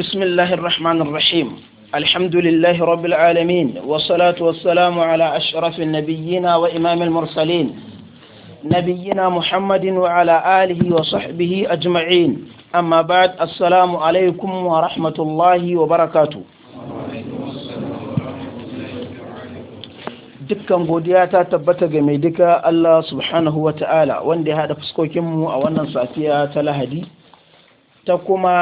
بسم الله الرحمن الرحيم الحمد لله رب العالمين والصلاة والسلام على أشرف النبيين وإمام المرسلين نبينا محمد وعلى آله وصحبه أجمعين أما بعد السلام عليكم ورحمة الله وبركاته dukkan godiya ta tabbata ga mai duka Allah subhanahu wa ta'ala wanda ya haɗa fuskokinmu a wannan safiya ta lahadi ta kuma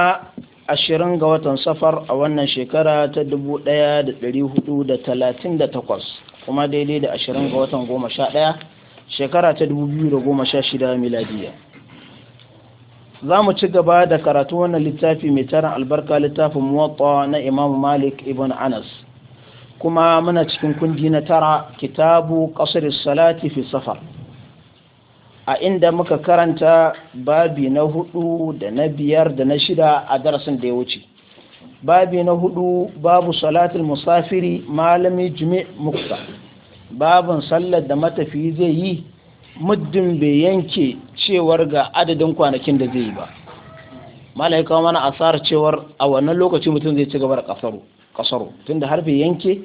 ashirin ga watan safar a wannan shekara ta dubu ɗaya da ɗari hudu da talatin da takwas kuma daidai da ashirin ga watan goma sha ɗaya shekara ta dubu biyu da goma sha shida miladiya za mu ci gaba da karatu wannan littafi mai taron albarka littafin muwatta na imamu malik ibn anas kuma muna cikin kundi na tara kitabu ƙasar salati fi safar a inda muka karanta babi na hudu da na biyar da na shida a darasin da ya wuce babi na hudu babu salatul musafiri malami jimi mukta babin sallar da matafiyi zai yi muddin bai yanke cewar ga adadin kwanakin da zai yi ba malaika mana asar cewar a wannan lokaci mutum zai ci gaba da kasaro tunda har bai yanke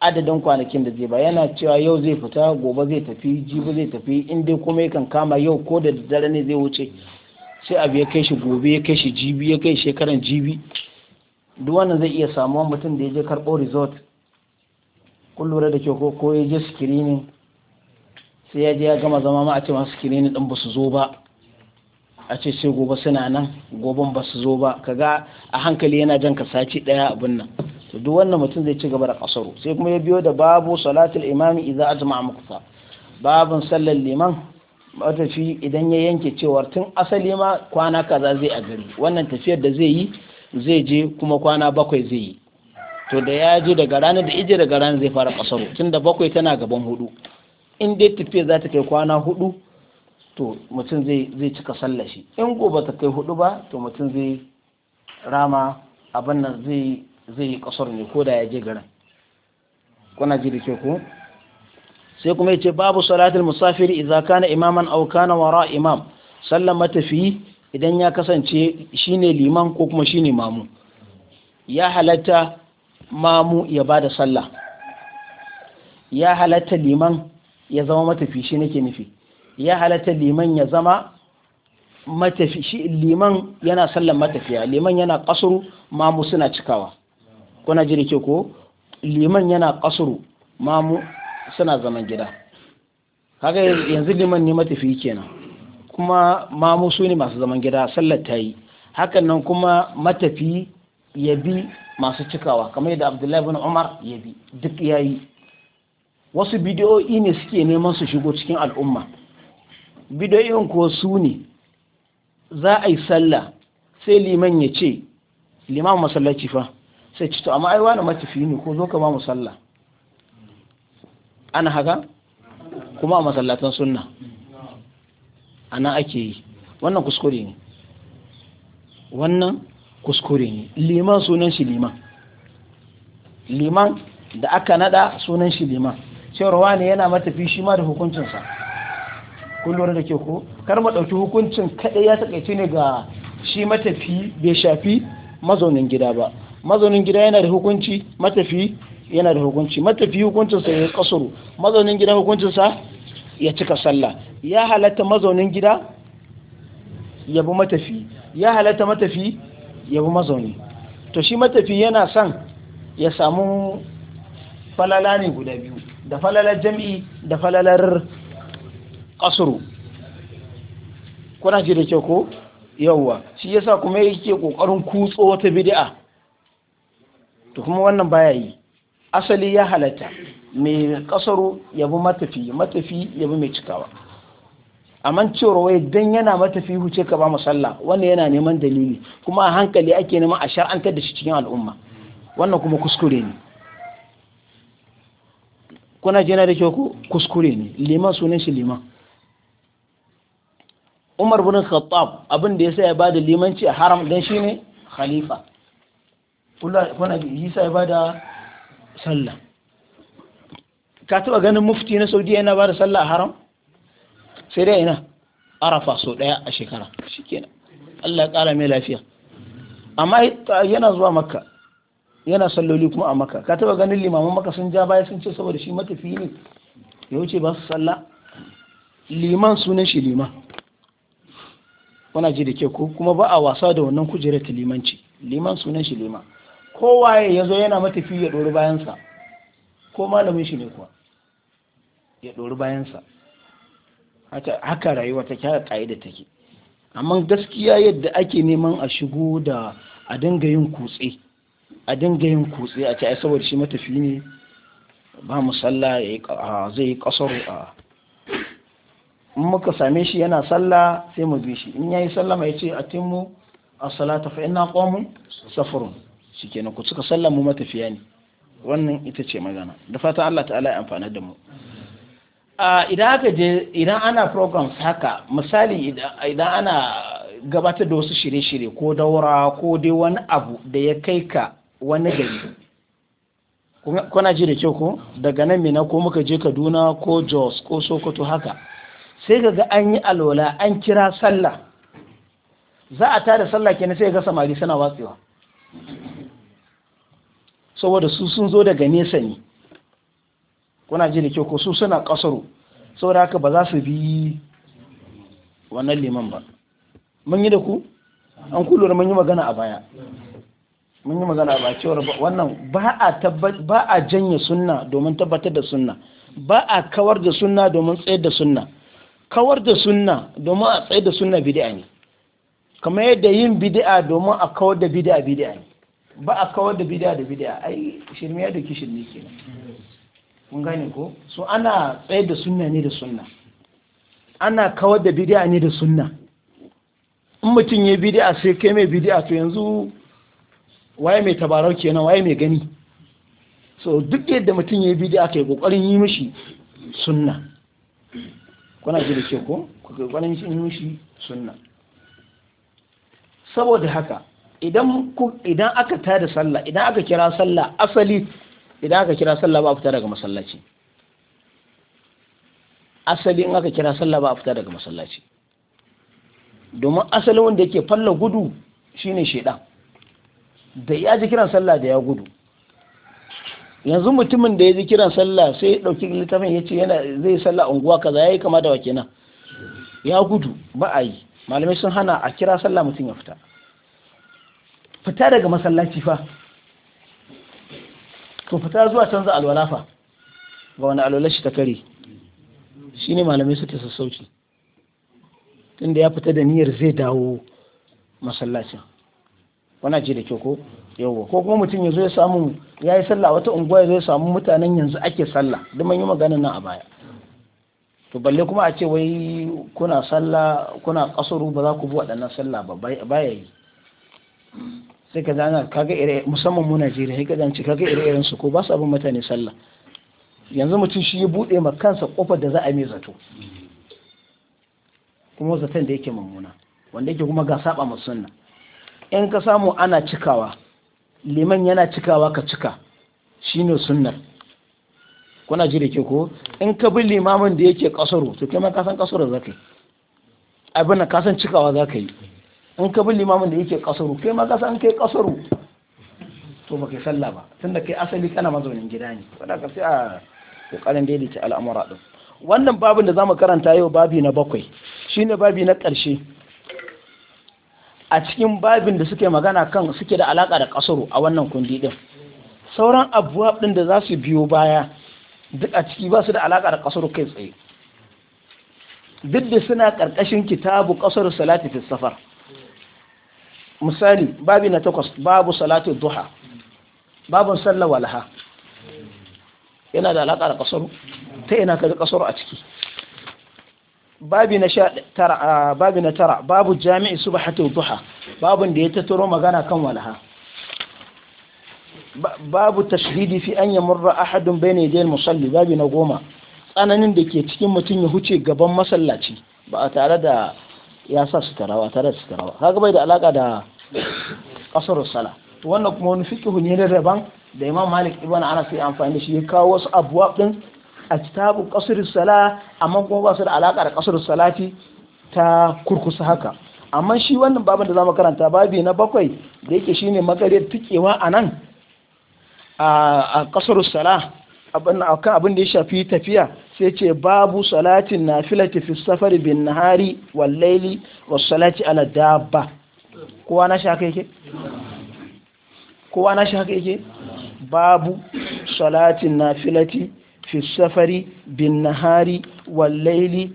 adadin kwanakin da zai ba yana cewa yau zai fita gobe zai tafi jibi zai tafi in dai kuma yakan kama yau ko da daddare ne zai wuce sai abu ya kai shi gobe ya kai shi jibi ya kai shekaran jibi duk wannan zai iya samuwa mutum da ya je karɓo resort kun lura da kyau ko ya je screening sai ya je ya gama zama ma a ce masu screening din ba su zo ba a ce sai gobe suna nan goben ba su zo ba kaga a hankali yana jan ka sace ɗaya abin nan to duk wannan mutum zai ci gaba da kasaru sai kuma ya biyo da babu salatul imami idza ajma muqta babun sallar liman matafi idan ya yanke cewar tun asali ma kwana kaza zai a gari wannan tafiyar da zai yi zai je kuma kwana bakwai zai yi to da ya je daga ranar da ije daga ranar zai fara kasaro tun da bakwai tana gaban hudu in dai tafiyar za ta kai kwana hudu to mutum zai cika sallashi in gobe ta kai hudu ba to mutum zai rama abin nan zai zai yi kasar ne ko da ya je garin kuna ji da ke ku? sai kuma ya ce babu salatul musafiri idza kana imaman aw kana wara imam sallan matafi idan ya kasance shine liman ko kuma shine mamu ya halatta mamu ya bada sallah ya halatta liman ya zama matafi shi nake nufi ya halatta liman ya zama matafi shi liman yana sallan matafiya liman yana kasuru mamu suna cikawa kuna ji da ke ko liman yana kasuru mamu suna zaman gida kaga yanzu liman ne matafi kenan kuma mamu su ne masu zaman gida sallar ta yi hakan nan kuma matafi ya bi masu cikawa kamar yadda abdullahi bin umar ya bi duk ya yi wasu bidiyo'i ne suke neman su shigo cikin al'umma bidiyoyin ko su ne za a yi sallah sai liman ya ce liman masallaci fa sai ci to amma ai wani matafi ne ko zo ka ba mu sallah ana haka kuma a masallatan sunna ana ake yi wannan kuskure ne wannan kuskure ne liman sunan shi liman liman da aka nada sunan shi liman cewa ne yana matafi shi ma da hukuncinsa kullum da ke ko kar ma ɗauki hukuncin kaɗai ya takaice ne ga shi matafi bai shafi mazaunin gida ba mazaunin gida yana da hukunci matafi yana da hukunci matafi hukuncinsa ya kasuru mazaunin gida hukuncinsa ya cika sallah ya halatta mazaunin gida ya bi matafi ya halatta matafi ya bi mazauni to shi matafi yana son ya samu falala ne guda biyu da falalar jami'i, da falalar kasuru kuna ji da kyau ko yawwa shi yasa kuma yake kokarin kutso wata bid'a to kuma wannan baya yi asali ya halatta mai kasaro ya bi matafi matafi ya bi mai cikawa amma cewar wai dan yana matafi huce ka ba sallah wannan yana neman dalili kuma a hankali ake neman a shar'antar da shi cikin al'umma wannan kuma kuskure ne kuna jina da kyau kuskure ne liman sunan shi liman umar bin khattab abin da yasa ya bada limanci a haram dan shine khalifa kuna isa ya da sallah ka taba ganin mufti na Saudi yana bada sallah a haram sai dai ina arafa sau daya a shekara shikenan Allah ya kara mai lafiya amma yana zuwa makka yana salloli kuma a makka ka taba ganin limaman makka sun ja baya sun ce saboda shi matafi ne ya wuce ba su sallah liman sunan shi liman kuna ji da ke ko kuma ba a wasa da wannan kujerar limanci liman sunan shi liman kowaye ya zo yana matafi ya ɗori bayansa ko malamin shi ne kuwa ya ɗori bayansa haka rayuwa ta kyara ƙa'ida take amma gaskiya yadda ake neman a shigo da a dinga yin kutse a dinga yin kutse a ce saboda shi matafi ne ba mu sallah zai yi kasar a in muka same shi yana sallah sai mu bi shi in yayi sallama yace ce a timmu as-salata fa inna qawmun safarun shikenan ku suka sallan mu matafiya ne wannan ita ce magana da fatan Allah ta'ala ya amfana da mu idan aka je idan ana programs haka misali idan ana gabatar da wasu shirye-shirye ko daura ko dai wani abu da ya kai ka wani gari kuna ji da kyau ko daga nan mina ko muka je kaduna ko jos ko sokoto haka sai ga an yi alwala an kira sallah za a tada sallah kenan sai ga samari suna watsewa saboda su sun zo daga nesa ne kuna ji da kyau ko su suna kasaro saboda haka ba za su bi wannan liman ba mun yi da ku an kullum mun yi magana a baya mun yi magana a cewar wannan ba a ba a janye sunna domin tabbatar da sunna ba a kawar da sunna domin tsayar da sunna kawar da sunna domin a tsayar da sunna bid'a ne kamar yadda yin bid'a domin a kawar da bid'a bid'a ne ba a kawar da bid'a da A ai shirme da kishin shirme kenan kun gane ko so ana tsayar da sunna ne da sunna ana kawar da bid'a ne da sunna in mutum ya bid'a sai kai mai bid'a to yanzu waye mai tabarau kenan waye mai gani so duk yadda mutum ya bid'a kai kokarin yi mishi sunna kuna ji da ke ko kokarin yi mishi sunna saboda haka idan idan aka tada sallah idan aka kira sallah asali idan aka kira sallah ba a fita daga masallaci asali in aka kira sallah ba a fita daga masallaci domin asalin wanda yake falla gudu shine sheda da ya ji kiran sallah da ya gudu yanzu mutumin da ya ji kiran sallah sai ya dauki littafin ya ce yana zai sallah unguwa kaza yayi kama da wake nan ya gudu ba a yi malamai sun hana a kira sallah mutum ya fita fita daga masallaci fa to fita zuwa canza alwala fa ga wani alwala shi ta kare shi ne malamai suke sassauci tunda ya fita da niyyar zai dawo masallacin wana ce da kyau ko yawa ko kuma mutum ya zo ya samu ya yi sallah wata unguwa ya zo ya samu mutanen yanzu ake sallah duk mun yi magana nan a baya to balle kuma a ce wai kuna sallah kuna kasuru ba za ku bi waɗannan sallah ba baya yi sai ka zana kaga ire musamman mu Najeriya sai ka zance kaga ire iren su ko ba su abin mutane sallah yanzu mutum shi ya bude ma kansa kofar da za a mai zato kuma zaton da yake mummuna wanda yake kuma ga saba ma sunna in ka samu ana cikawa liman yana cikawa ka cika shine sunnar kuna ji da ke ko in ka bi limamin da yake kasaro to kai ma ka san kasaro zakai abin ka san cikawa zakai in ka bi limamin da yake kasaru kai ma kasa kai kasaru to ba kai sallah ba tunda kai asali kana mazaunin gida ne wanda ka sai a kokarin daidaita al'amura din wannan babin da zamu karanta yau babi na bakwai shine babi na ƙarshe a cikin babin da suke magana kan suke da alaka da kasaru a wannan kundi din sauran abubuwa ɗin da za su biyo baya duk a ciki ba su da alaka da kasaru kai tsaye duk da suna ƙarƙashin kitabu kasar salati fi safar misali babi na takwas babu salatu duha babun sallah walaha yana da alaƙa da ƙasar ta ina ka ga ƙasar a ciki babi na tara babi na tara babu jami'i subhatu duha babun da ya tattaro magana kan walaha babu tashdidi fi an yamurra ahadun bayna yadayil musalli babi na goma tsananin da ke cikin mutum ya huce gaban masallaci ba tare da ya sa su tarawa tare da tarawa kaga bai da alaka da kasar sala to wannan kuma wani fiqhu ne da daban da Imam Malik ibn Anas ya amfani da shi ya kawo wasu abuwa din a kitabu kasar sala amma kuma ba su da alaka da kasar salati ta kurkusa haka amma shi wannan babin da zamu karanta babi na bakwai da yake shine magariyar tikewa a nan a kasar sala abin da ya shafi tafiya sai ce babu salatin na fila fi safari bin nahari wal laili salati ala dabba kowa na shaka yake kowa na shaka yake babu salatin nafilati fi safari bin nahari wal laili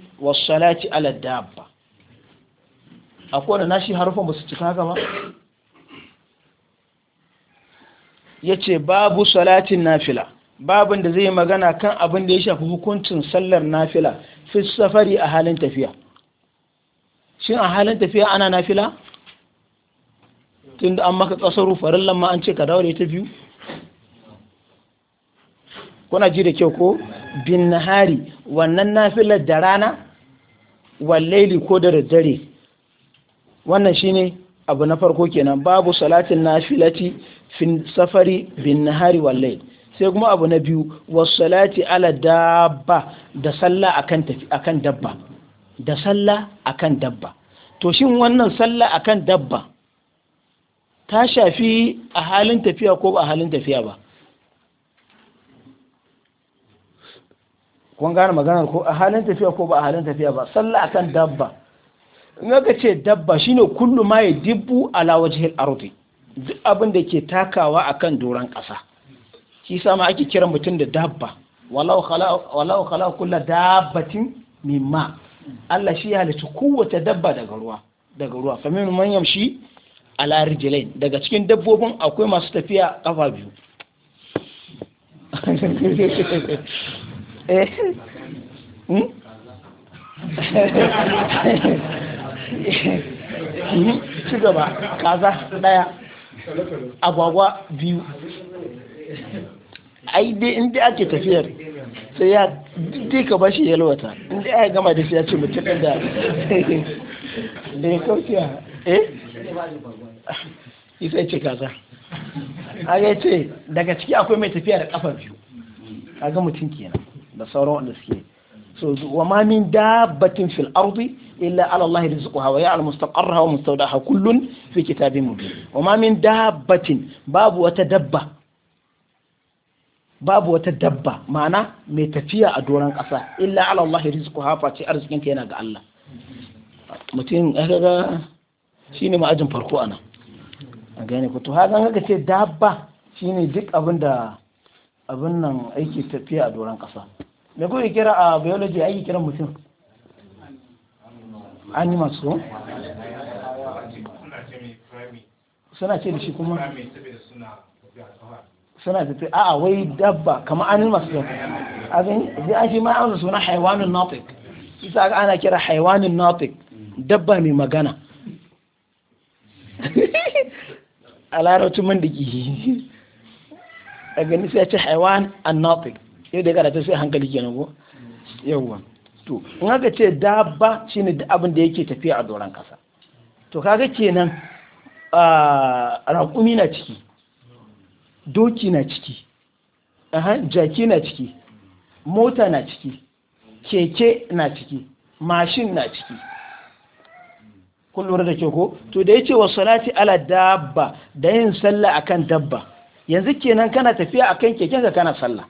salati ala dabba akwai kowane nashi harufan ba su cika haka ba yace babu salatin na fila. babin da zai magana kan abin da ya shafi hukuncin sallar nafila fi safari a halin tafiya shin a halin tafiya ana nafila tunda an maka ƙasar farin ma an ce ka dawo ta biyu kuna ji da kyau ko bin nahari wannan nafilar da rana wallaili ko da daddare wannan shine abu na farko kenan babu salatin nafilati fi safari bin nahari wallaili sai kuma abu na biyu wasalati ala dabba da sallah akan tafi akan dabba da sallah akan dabba to shin wannan sallah akan dabba ta shafi a halin tafiya ko ba a halin tafiya ba kun gane maganar ko a halin tafiya ko ba a halin tafiya ba sallah akan dabba in aka ce dabba shine kullu ma ya dibbu ala wajhil ardi duk abin da ke takawa akan doran ƙasa shi sama ake kiran mutum da dabba walau kala kula dabbatin mimma Allah shi ya halitta kowace dabba daga ruwa daga ruwa famin shi a ala rijlain daga cikin dabbobin akwai masu tafiya kafa biyu eh? hmm? ci gaba kaza daya agwagwa biyu ai dai in dai ake tafiyar sai ya dai ka bashi yalwata in dai aka gama da shi ya ce mutum da da ya eh, a eh isa ya ce kaza a ya ce daga ciki akwai mai tafiya da kafa biyu kaga mutum kenan da sauran wanda suke so wa ma min dabbatin fil ardi illa ala Allah rizquha wa ya'lamu mustaqarraha wa mustawdaha kullun fi kitabin mubin wa ma min dabbatin babu wata dabba babu wata dabba ma'ana mai tafiya a doron ƙasa illa ala Allah hafa ce arzikin ta yana ga Allah mutum kaga shine ma'ajin farko ana a gane ku to hakan kaga ce dabba shine duk abin da abin nan aiki tafiya a doron ƙasa me kuke kira a biology aiki kira mutum animals suna ce da shi kuma suna tafi a'a wai dabba kamar anil masdar abin zai an shi ma an suna haiwanin nautic isa ga ana kira haiwanin nautic dabba mai magana a larabcin man diki a gani sai ce haiwan an nautic yau da ya karata sai hankali kenan nago yawwa to in haka ce dabba shine ne abin da yake tafiya a doron kasa to kaga kenan ah, raƙumi na ciki doki na ciki jaki na ciki mota na ciki keke na ciki mashin na ciki kun lura da ke ko to da ya ce wa salati ala dabba da yin sallah akan dabba yanzu kenan kana tafiya akan keken ka kana sallah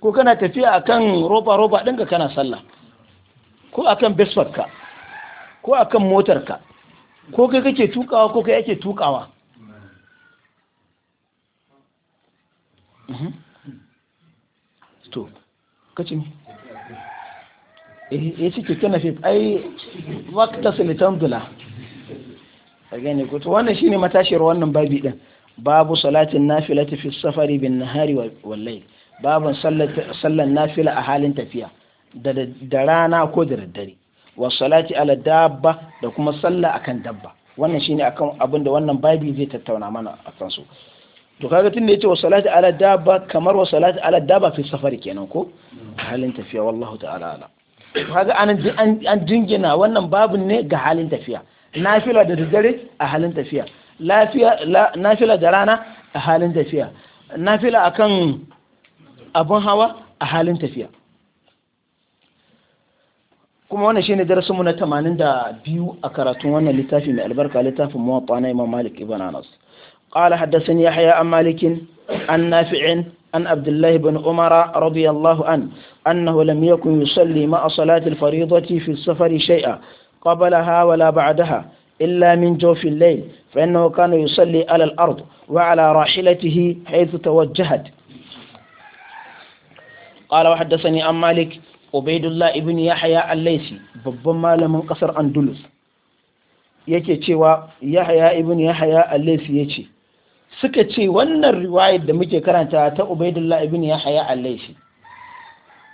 ko kana tafiya akan roba roba ɗinka kana sallah ko akan besfarka ko akan motarka ko kai kake tukawa ko kai ake tukawa Mhm. to kaci ne ya ci kyakkyan na ai silitan dula a gani wannan ne matashiyar wannan babi din babu salatin nafilati fi safari bin nahari wallai. Babu sallan nafila a halin tafiya da rana ko da daddare wa salati ala dabba da kuma sallah akan dabba wannan shine akan abinda wannan babi zai tattauna mana akan su to kaga tunda yace wasalati ala dabba kamar wasalati ala dabba fi safari kenan ko halin tafiya wallahu ta'ala ala kaga an an dingina wannan babun ne ga halin tafiya nafila da daddare a halin tafiya lafiya nafila da rana a halin tafiya nafila akan abun hawa a halin tafiya kuma wannan shine darasin mu na 82 a karatun wannan littafi mai albarka littafin muwatta na Imam Malik ibn Anas قال حدثني يحيى عن مالك عن نافع عن عبد الله بن عمر رضي الله عنه أنه لم يكن يصلي مع صلاة الفريضة في السفر شيئا قبلها ولا بعدها إلا من جوف الليل فإنه كان يصلي على الأرض وعلى راحلته حيث توجهت قال وحدثني عن مالك عبيد الله بن يحيى الليثي babban لم kasar اندلس. yake cewa yahaya يحيى yahaya al suka ce wannan riwayar da muke karanta ta ubaidullah ibn yahya al-laifi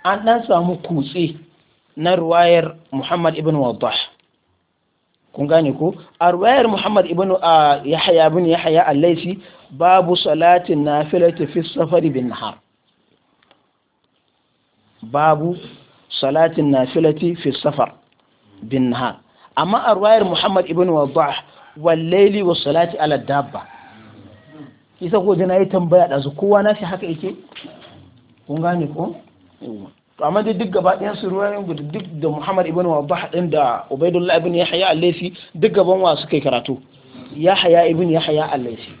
an dan samu kutse na riwayar muhammad ibn wadah kun gane ko a riwayar muhammad ibn yahya ibn yahya al-laifi babu salatin nafilati fi safari bin nahar babu salatin nafilati fi safar bin nahar amma a riwayar muhammad ibn wadah wal layli was salati ala dabba kisa ko jana yi tambaya ɗazu kowa na shi haka yake kun gane ko to amma dai duk gaba ɗayan su ruwan guda duk da muhammad ibn wabah haɗin da ubaidullah ibn ya haya alaifi duk gaban wa suka yi karatu haya ibn ya haya alaifi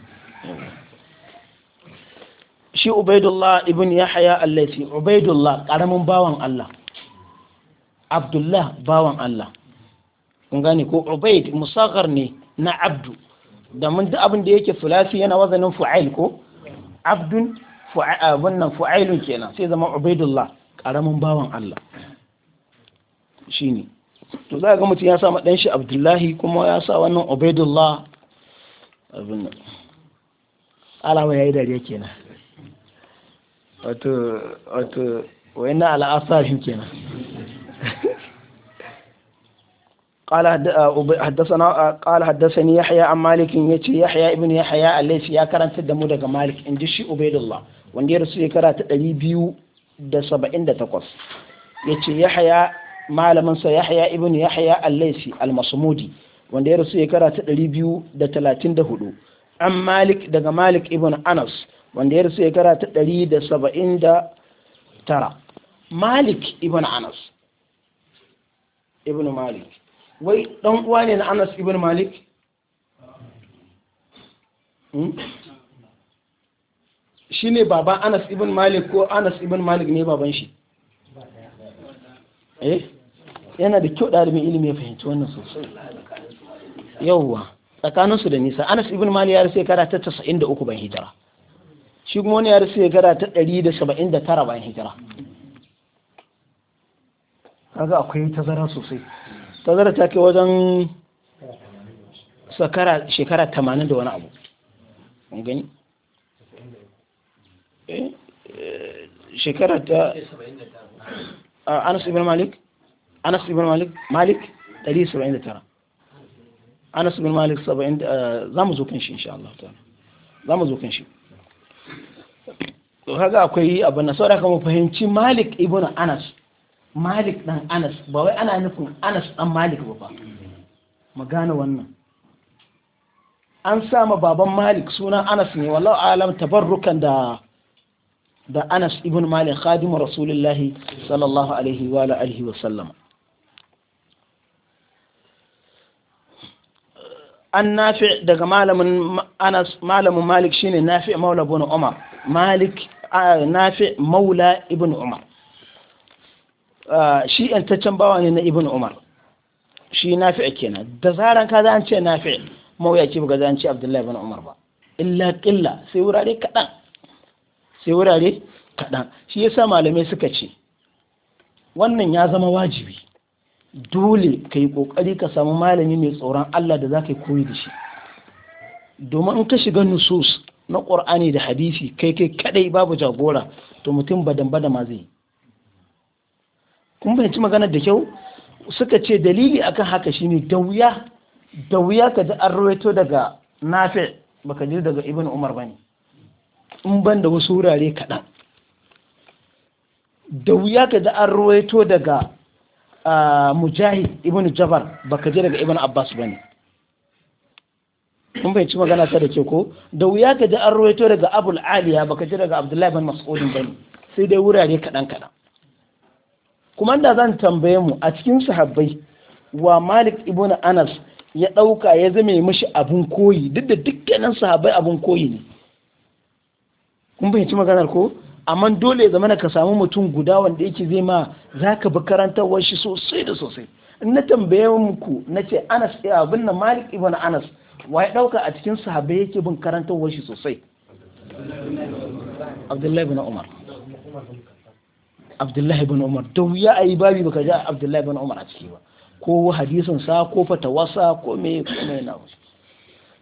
shi ubaidullah ibn ya haya alaifi ubaidullah karamin bawan Allah abdullah bawan Allah kun gane ko ubaid musaghar ne na abdu da mun duk abin da yake sulasi yana wazanin fu'ail ko abdun wannan fu'ailun kenan sai zama ubaidullah karamin bawan Allah shine to za ga mutum ya sa madan shi abdullahi kuma ya sa wannan ubaidullah abin alawa yayi dariya kenan wato wato wayannan al'asarin kenan قال حدثنا قال حدثني يحيى عن مالك يتي يحيى ابن يحيى ya karanta كرنت دمو daga مالك in ji shi ubaidullah wanda ya rasu shekara ta 278 yace yahya malamin sa yahya ibn yahya al-laisi al-masmudi wanda ya rasu shekara da 234 an malik daga malik ibn anas wanda ya rasu shekara ta 179 malik ibn anas ibn malik wai dan uwa ne na Anas ibn Malik hmm? shi ne Baba Anas ibn Malik ko Anas ibn Malik ne baban shi eh yana da kyau ɗalibin ilimi ya fahimci wannan sosai yauwa tsakaninsu da nisa Anas ibn Malik ya rasu shekara ta 93 ban hijira shi kuma wani ya rasu shekara ta 179 ban hijira kaga akwai tazara sosai tazara ta ke wajen shekara tamanin da wani abu gani eh, eh, shekara ta anas ibn malik anas ibn malik malik 179 anas ibn malik 70 eh, za mu zo kan shi insha Allah ta'ala za mu zo kan shi to haka akwai abin na saboda kuma fahimci malik ibn anas malik dan anas ba wai ana nufin anas dan malik ba fa Magana gane wannan an sama baban malik sunan anas ne wallahu alam tabarrukan da da anas ibn malik khadimu rasulullahi sallallahu alaihi wa alihi wa sallama an nafi daga malamin anas malamin malik shine nafi maula ibn umar malik nafi maula ibn umar Ah, shi yantaccen bawa ne na ibn umar shi nafi'a kenan da zaran ka an ce nafi mawuyaci ba ga an ce abdullahi ibn umar ba illa illa sai wurare kaɗan sai wurare kaɗan shi yasa malamai suka ce wannan ya zama wajibi dole ka yi ƙoƙari ka samu malami mai tsoron Allah da za ka yi koyi da shi domin in ka shiga nusus na ƙur'ani da hadisi kai kai kaɗai babu jagora to mutum badan bada ma zai yi. kun fahimci magana da kyau suka ce dalili akan haka shine da wuya da wuya ka ji an rawaito daga nafi baka ji daga ibn umar ba ne. in ban da wasu wurare kaɗan da wuya ka ji an rawaito daga mujahid ibn jabar baka ji daga ibn abbas ba ne. kun bai ci magana ta da ke ko da wuya ka ji an rawaito daga abul aliya baka ji daga abdullahi bin mas'udin ne. sai dai wurare kaɗan kaɗan kuma da zan tambaye mu a cikin sahabbai wa malik ibn anas ya ɗauka ya zame mashi abun koyi duk da dukkanin sahabbai abun koyi ne kun ci maganar ko amma dole ya zama ka samu mutum guda wanda yake zai ma za ka bi karantarwar shi sosai da sosai in na tambaye muku na ce anas ya eh, abin na malik ibn anas wa ya ɗauka a cikin sahabbai yake bin karantarwar shi sosai abdullahi ibn umar abdullahi bin umar to ya a yi babi baka ji abdullahi bin umar a ciki ba ko hadisin sa ko fatawasa ko me me na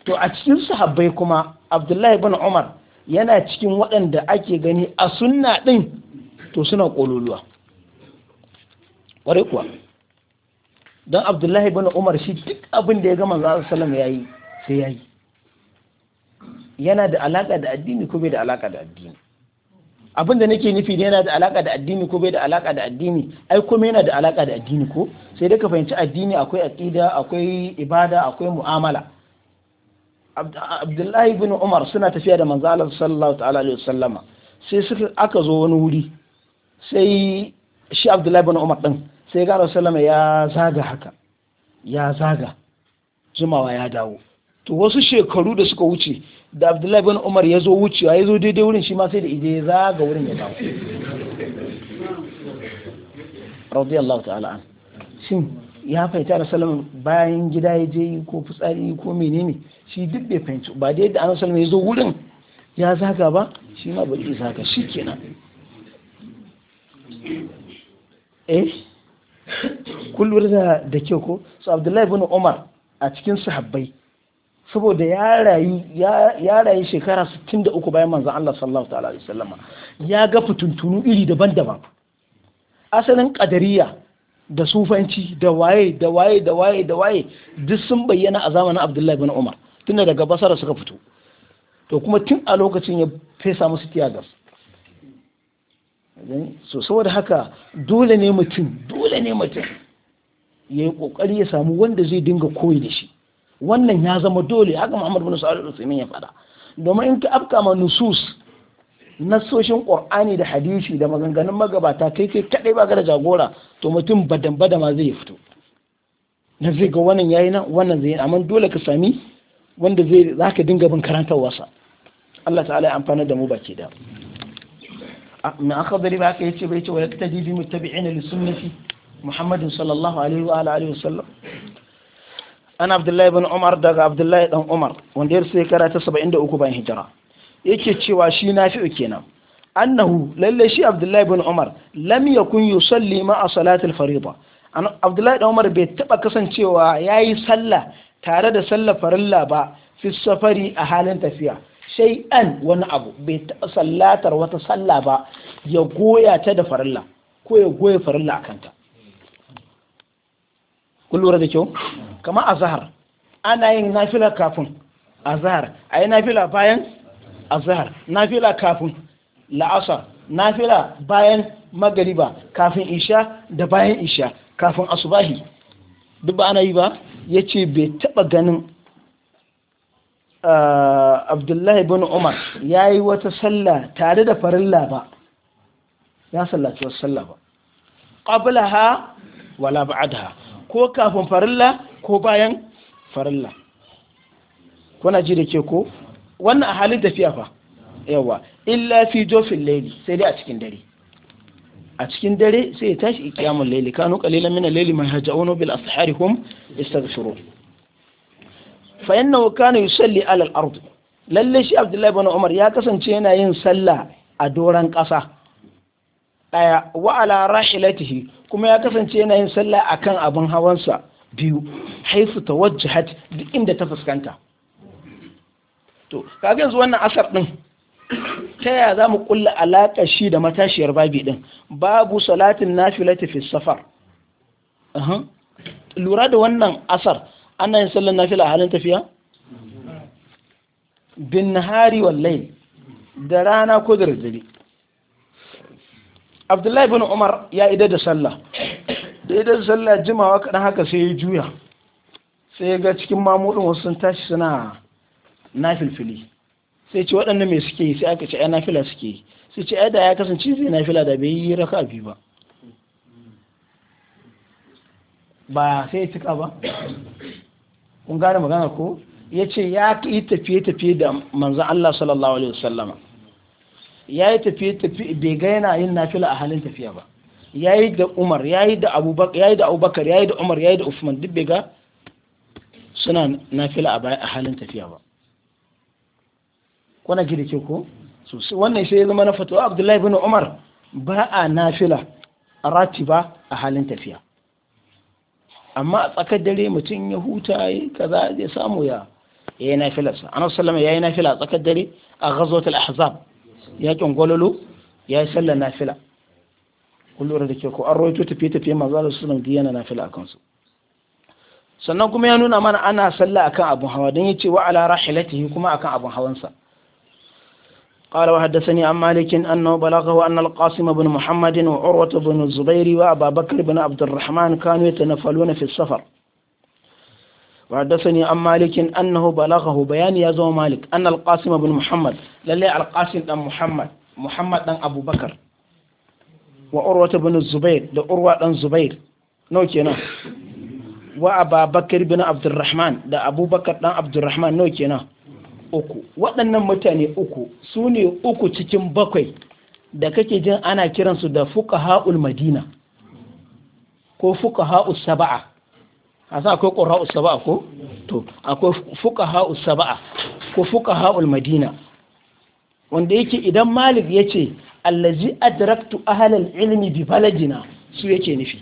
to a cikin sahabbai kuma abdullahi bin umar yana cikin waɗanda ake gani a sunna ɗin to suna ƙololuwa ƙwarai kuwa don abdullahi bin umar shi duk abin da ya gama za salam ya yi sai ya yi yana da alaƙa da addini ko bai da alaƙa da addini abin da nake nufi yana da alaka da addini ko bai da alaka da addini ai kuma yana da alaka da addini ko sai dai ka fahimci addini akwai aqida akwai ibada akwai mu'amala Abdullahi ibn Umar suna tafiya da manzo Allah sallallahu ta'ala alaihi wasallama sai suka aka zo wani wuri sai shi Abdullahi ibn Umar din sai ga sallama ya zaga haka ya zaga jimawa ya dawo to wasu shekaru da suka wuce da abdullahi bin umar ya zo wucewa ya zo daidai wurin shi ma sai da ije ya zaga wurin ya dawo radiyallahu ta'ala an shin ya fahimta da salama bayan gida ya je ko fitsari ko menene shi duk bai fahimci ba da yadda ana salama ya zo wurin ya zaga ba shi ma bai isa ka shi kenan eh kullum da da kyau ko su abdullahi bin umar a cikin sahabbai saboda ya rayu shekara sittin shekara 63 bayan manzan Allah sallallahu ta'ala alaihi sallama ya ga fituntunu iri daban-daban asalin qadariya da sufanci da waye da waye da waye da waye duk sun bayyana a zamanin Abdullahi bin Umar tunda daga basara suka fito to kuma tun a lokacin ya fesa musu tiyagas so saboda haka dole ne mutum dole ne mutum ya yi kokari ya samu wanda zai dinga koyi da shi wannan ya zama dole haka Muhammad bin Salih al-Uthaymeen ya fada domin in ka afka ma nusus nasoshin Qur'ani da hadisi da maganganun magabata kai kai kadai ba ga da jagora to mutum badan bada ma zai fito na zai ga wannan yayi nan wannan zai amma dole ka sami wanda zai zaka dinga bin karantarwa sa Allah ta'ala ya amfana da mu baki da من أخذ لي بقى يتي بيتي ويقتدي بمتبعين لسنة sallallahu alaihi wa alihi wa sallam ana abdullahi bin umar daga abdullahi dan umar wanda ya sai kara ta 73 bayan hijira yake cewa shi nafi'u kenan annahu lalle shi abdullahi bin umar lam yakun yusalli ma a salatul fariḍa abdullahi dan umar bai taba kasancewa yayi sallah tare da sallar farilla ba fi safari a halin tafiya sai an wani abu bai taba sallatar wata sallah ba ya goya ta da farilla ko ya goya farilla akanta kun da kyau kama azhar ana yin nafila kafin azhar ayi nafila bayan azhar nafila kafin la'asar nafila bayan magariba kafin isha da bayan isha kafin asubahi duk ba ana yi ba ya ce bai taba ganin ah, abdullahi bin umar ya yi wata sallah tare da farilla ba ya sallaci wasu sallah ba ƙabla ha wala ba'ad ha ko kafin farilla ko bayan farilla kuna ji da ke ko wannan a halin tafiya fa yawa illa fi jofin laili sai dai a cikin dare a cikin dare sai ya tashi ikiyamun laili kanu kalilan min laili laili ma yahja'unu bil ashari hum yastaghfirun fa innahu kana yusalli ala al-ard lalle shi abdullahi ibn umar ya kasance yana yin sallah a doran kasa ɗaya wa ala rahilatihi kuma ya kasance yana yin sallah akan abin hawansa biyu haifu tawajjahat duk inda ta fuskanta to kaga yanzu wannan asar ɗin ta ya za mu kulla alaƙa shi da matashiyar babi din babu salatin nafilati fi safar lura da wannan asar ana yin sallar nafila a halin tafiya bin nahari wal da rana ko da dare abdullahi bin umar ya ida da sallah da idan da sallah jimawa kaɗan haka sai ya juya sai ya ga cikin mamurin wasu sun tashi suna nafilfili sai ce waɗanda mai suke yi sai aka ce ai nafila suke sai ce ya kasance zai nafila da bai yi raka biyu ba ba sai ya cika ba kun gane magana ko ya ce ya yi tafiye-tafiye da manzan Allah sallallahu alaihi wasallama ya yi tafiye tafiye bai ga yana yin nafila a halin tafiya ba ya yi da umar ya yi da abubakar ya yi da umar ya yi da usman duk bai ga suna nafila a halin tafiya ba kuna ji da ke ko wannan shi ya zama na fatawa abdullahi bin umar ba a nafila a ba a halin tafiya amma a tsakar dare mutum ya huta yi kaza ya samu ya yi nafilarsa anas sallama ya yi nafila a tsakar dare a ghazwatul ahzab yakin gwalolo ya yi sallar nafila kun da ke ko an rawaito tafiye-tafiye manzo Allah sallallahu alaihi wasallam nafila akansu sannan kuma ya nuna mana ana sallah akan abun hawa dan yace wa ala rahilatihi kuma akan abun hawansa قال وحدثني عن مالك أنه بلغه أن القاسم بن محمد وعروة بن الزبير وأبا بكر بن عبد الرحمن كانوا يتنفلون في السفر وحدثني عن مالك أنه بلغه بيان يا زو مالك أن القاسم بن محمد للي القاسم بن محمد محمد بن أبو بكر وأروة بن الزبير لأروة بن الزبير نو كينا وأبا بكر بن عبد الرحمن دا أبو بكر بن عبد الرحمن نو كينا uku waɗannan mutane uku su ne uku cikin bakwai da kake jin ana kiransu da fuka ha'ul madina ko fuka ha'ul saba'a a sa akwai ƙura'u saba'a ko to akwai fuka fuqaha'u saba'a ko fuka ha madina wanda yake idan malik ya ce allazi adraktu ahlal ilmi bi baladina su yake nufi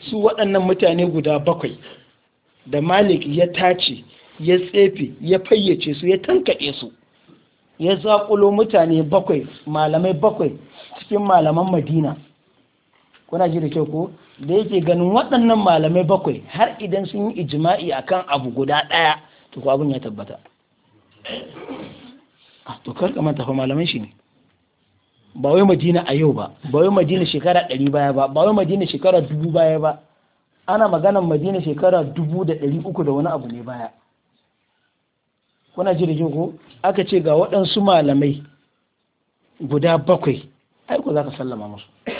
su waɗannan mutane guda bakwai da malik ya tace ya tsefe ya fayyace su ya tankaɗe su ya zaƙulo mutane bakwai malamai bakwai cikin malaman madina kuna ji da kyau ko da yake ganin waɗannan malamai bakwai har idan sun yi a akan abu guda ɗaya to ko abin ya tabbata a ah, to kar ka manta fa malaman shi ne ba wai madina a yau ba ba wai madina shekara ɗari baya ba ba wai madina shekara dubu baya ba ana magana madina shekara dubu da ɗari uku da wani abu ne baya kuna ji da ko aka ce ga waɗansu malamai guda bakwai ai ko za ka sallama musu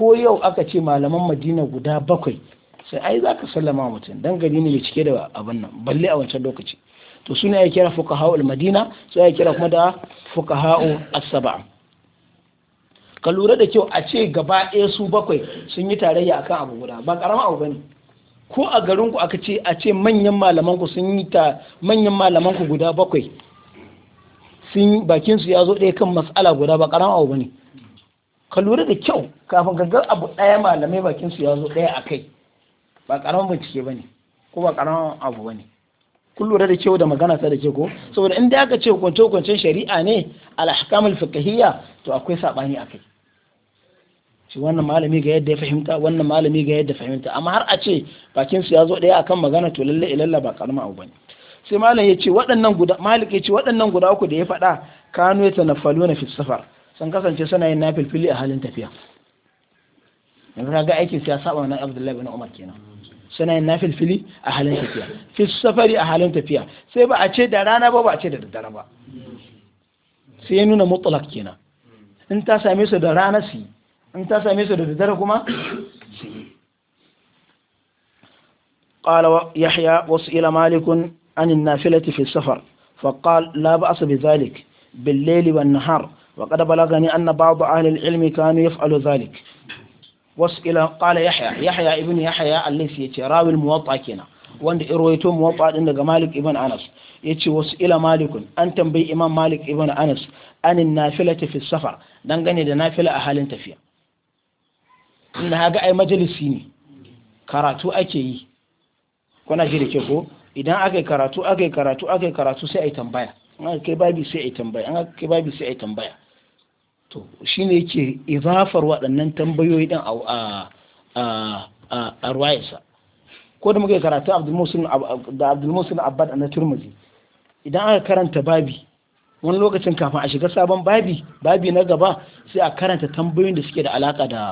ko yau aka ce malaman madina guda bakwai sai ai za ka sallama mutum don gari ne mai cike da abin nan balle a wancan lokaci to suna ya kira fuqaha'ul madina sai ya kira kuma da fuqaha'u as-sab'a ka lura da kyau a ce gaba ɗaya su bakwai sun yi tarayya akan abu guda ba karama abu bane ko a garin ku aka ce a ce manyan malaman ku sun yi ta manyan malaman ku guda bakwai sun bakin su ya zo ɗaya kan mas'ala guda ba karama abu bane ka lura da kyau kafin ka ga abu ɗaya malamai bakin su ya zo ɗaya a kai ba ƙaramin bincike ba ne ko ba ƙaramin abu ba ne kun lura da kyau da magana ta da ke ko saboda in da aka ce hukunce hukuncen shari'a ne al-ahkamul fiqhiyya to akwai sabani akai shi wannan malami ga yadda ya fahimta wannan malami ga yadda fahimta amma har a ce bakin su ya zo ɗaya akan magana to lalle ilalla ba ƙaramin abu bane sai malam ya ce waɗannan guda malik ya ce waɗannan guda uku da ya faɗa kanu ya tanaffalu na fi safar sun kasance suna yin nafilfili a halin tafiya yanzu ga aikin siya saba na abdullahi bin umar kenan suna yin nafilfili a halin tafiya fi safari a halin tafiya sai ba a ce da rana ba ba a ce da daddare ba sai ya nuna mutlak kenan in ta same su da rana su in ta same su da daddare kuma قال يحيى وسئل مالك عن النافلة في السفر فقال لا بأس بذلك بالليل والنهار وقد بلغني أن بعض أهل العلم كانوا يفعل ذلك وسئل قال يحيى يحيى ابن يحيى الذي راوي الموطأ كنا wanda irwaito muwatta ɗin daga Malik ibn Anas yace wasu ila malikun an tambayi Imam Malik ibn Anas anin nafilati fi safar dangane da nafila a halin tafiya inda haga ai majalisi ne karatu ake yi kuna ji da idan aka karatu karatu karatu sai ai tambaya in aka kai babi sai a tambaya in aka kai babi sai a tambaya to shine yake izafar waɗannan tambayoyi din a a ruwayarsa ko da muke karatu Abdul da Abdul Abad Abbad na Turmuzi idan aka karanta babi wani lokacin kafin a shiga sabon babi babi na gaba sai a karanta tambayoyin da suke da alaka da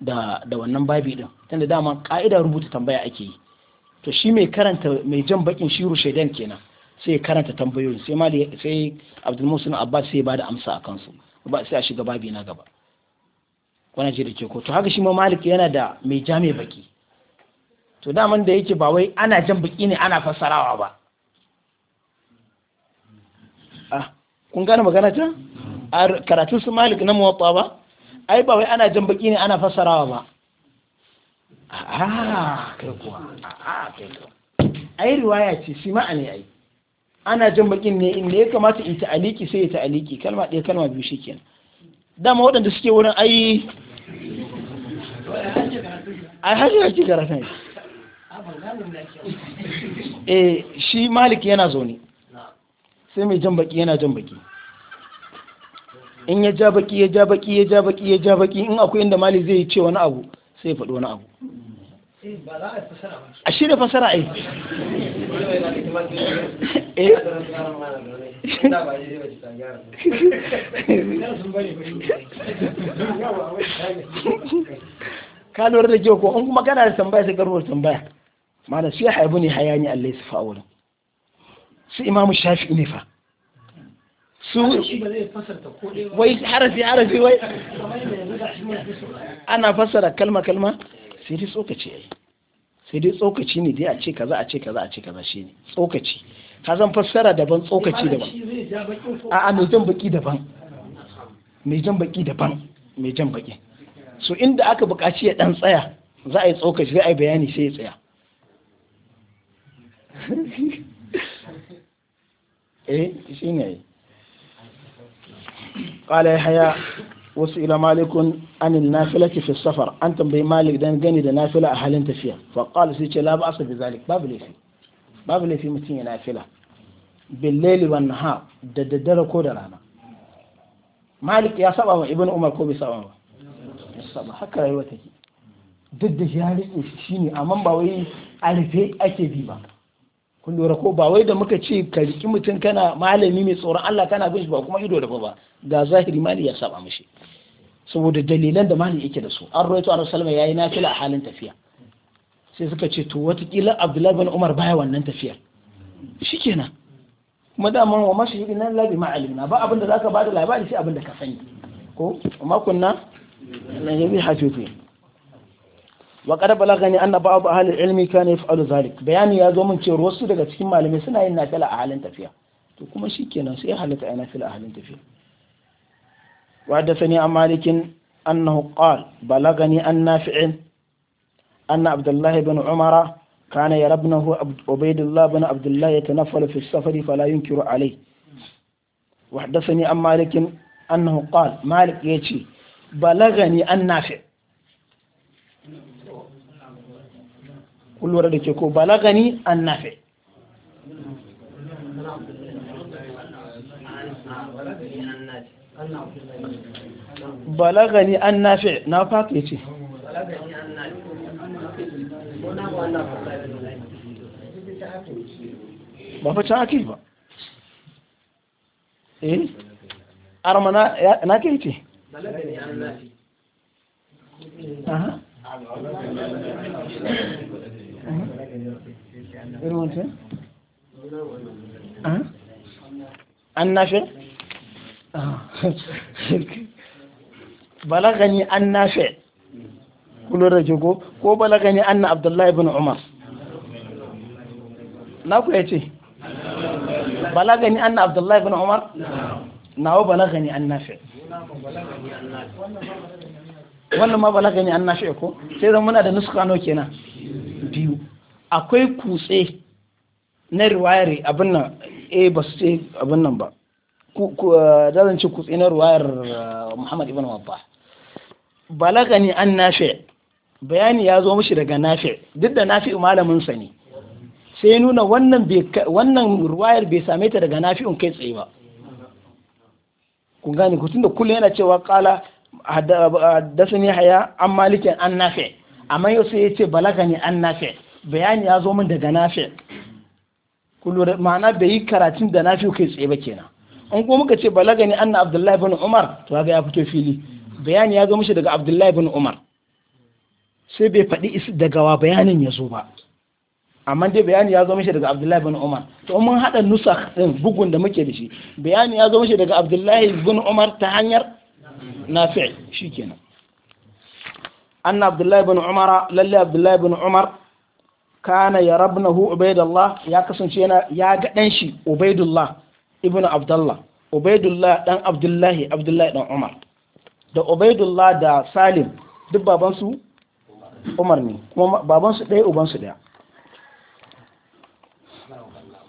da da wannan babi din tunda dama ka'ida rubuta tambaya ake yi to shi mai karanta mai jan bakin shiru shaidan kenan sai karanta tambayoyin sai ma sai abdul musulun abbas sai ba da amsa a kansu ba sai a shiga babi na gaba wani ce da ke ko to haka shi ma malik yana da mai jami baki to daman da yake ba wai ana jan baki ne ana fassarawa ba ah kun gane magana ta karatun su malik na muwatta ba ai ba wai ana jan baki ne ana fassarawa ba ah kai kuwa ah, ah kai kuwa ai riwaya ce shi ne ai ana jan bakin ne inda ya kamata in ta'aliki sai ya ta'aliki kalma ɗaya kalma biyu shi kenan dama waɗanda suke wurin ai ai hajji hajji karatun eh shi malik yana zaune sai mai jan baki yana jan baki in ya ja baki ya ja baki ya ja baki ya ja baki in akwai inda malik zai yi ce wani abu sai ya faɗi wani abu a shi da fasara ai eh. ka lura da kyau ko an kuma kana da tambaya sai garwar tambaya mana shi haibu ne hayani allai su fa'ulun su imamu shafi ne fa su wai harafi harafi wai ana fasara kalma kalma sai dai tsokaci yayi sai dai tsokaci ne dai a ce kaza a ce kaza a ce kaza shine tsokaci ka zan fassara daban tsokaci daban a'a mai jan baki daban mai jan baki daban mai jan baki so inda aka buƙaci ya dan tsaya za a yi tsokaci za a yi bayani sai ya tsaya eh shine ai قال wasu ila malikun an nafila ke fi safar an tambayi malik dan gani da nafila a halin tafiya fa sai ce la ba asa bi zalik babu laifi babu laifi mutum ya nafila billeli laili ha da daddare ko da rana malik ya saba wa Ibn umar ko bai saba ba ya saba haka rayuwa take duk da ya rike shi shine amma ba wai a rufe ake bi ba kun lura ko ba wai da muka ce ka riki mutum kana malami mai tsoron Allah kana bin shi ba kuma ido da ba ga zahiri mali ya saba mishi saboda dalilan da malin yake da su an roito a salama ya yi nafila a halin tafiya sai suka ce to watakila abdullahi bin umar baya wannan tafiyar shi kenan kuma dama wa mashi yi nan labi ma'alimna ba abinda za ka ba da labari sai abinda ka sani ko amma kunna na yabi hafifu wa kada balagani anna ba'd ahli ilmi kana yaf'alu zalik bayani ya zo mun cewa wasu daga cikin malamai suna yin nafila a halin tafiya to kuma shikenan sai halaka a nafila a halin tafiya وحدثني عن مالك أنه قال بلغني أن نافع أن عبد الله بن عمر كان يرى ابنه عبيد الله بن عبد الله يتنفل في السفر فلا ينكر عليه وحدثني عن مالك أنه قال مالك يجي بلغني أن نافع كل ورد يقول بلغني أن نافع بلغني أن نافع balagani an nafi na ce ba ba eh na ke ce an nafi balagani an nafe kulun rage ko ko balagani anna abdullahi ibn umar na ku ce balagani anna abdullahi ibn umar wa balagani an nafe wannan ma balagani an nafe ko sai zan muna da nuskano kenan biyu akwai kutse na riwayar abin nan eh ba su ce abin nan ba Eh, zan ci kutsi ruwayar eh, Muhammad ibn Wabba balagani an nafe. bayani ya zo mishi daga nafe. duk da nafi malamin sa ne sai nuna wannan ruwayar bai same ta daga nafi'un kai tsaye ba kun gane da tunda kullum yana cewa kala ne haya an malikin an nafe. amma yau sai ya ce balagani an nafe. bayani ya zo min daga nafe. kullum ma'ana bai yi karatun da nafe kai tsaye ba kenan in kuma muka ce balaga ne anna abdullahi bin umar to ga ya fito fili bayani ya zo mishi daga abdullahi bin umar sai bai faɗi is daga wa bayanin ya zo ba amma dai bayani ya zo mishi daga abdullahi bin umar to mun haɗa nusa ɗin bugun da muke da shi bayani ya zo mishi daga abdullahi bin umar ta hanyar nafi' shikenan anna abdullahi bin umar lalle abdullahi bin umar kana ya yarabnahu ubaidullah ya kasance yana ya ga dan shi ubaidullah ibn abdullah ubaidullah dan abdullahi abdullahi dan umar da ubaidullah da salim duk babansu umar ne kuma babansu ɗaya ubansu ɗaya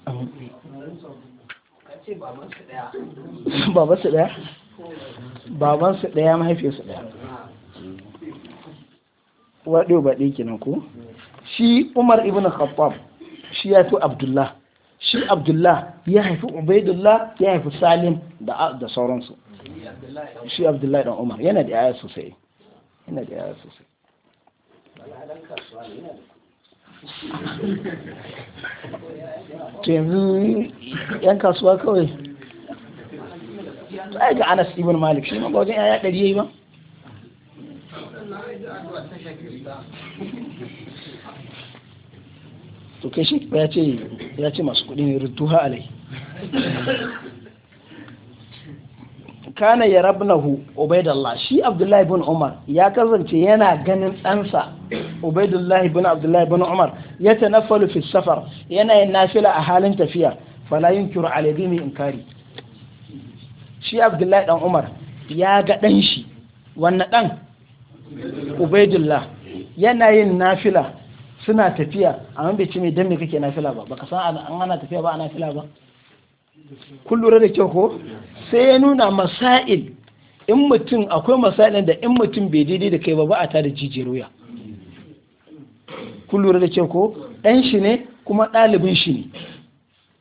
babansu ɗaya babansu ɗaya mahaifiyarsu ɗaya waɗo ba ɗaya kenan ko shi umar ibn khattab shi ya fi abdullah shi abdullah ya haifi ubaidullah ya haifi salim da da sauransu shi abdullah dan umar yana da yaya sosai yana da yaya sosai to yanzu yan kasuwa kawai ta ga anas ibn malik shi ma ba wajen yaya ɗari yayi ba to kai shi ya ce ya ce masu kuɗi ne rudduha alai kana ya rabnahu ubaidallah shi abdullahi bin umar ya kasance yana ganin ɗansa ubaidullahi bin abdullahi umar ya tanaffalu fi safar yana yin nafila a halin tafiya fala yunkiru alayhi min inkari shi abdullahi dan umar ya ga ɗanshi, shi wannan ɗan ubaidullah yana yin nafila suna tafiya amma bai ce mai dan me kake nafila ba baka san an ana tafiya ba ana fila ba kun lura da kyau ko sai ya nuna masail in mutum akwai masail da in mutum bai daidai da kai ba ba a tada jijiyar wuya kun lura da kyau ko ɗan shi ne kuma ɗalibin shi ne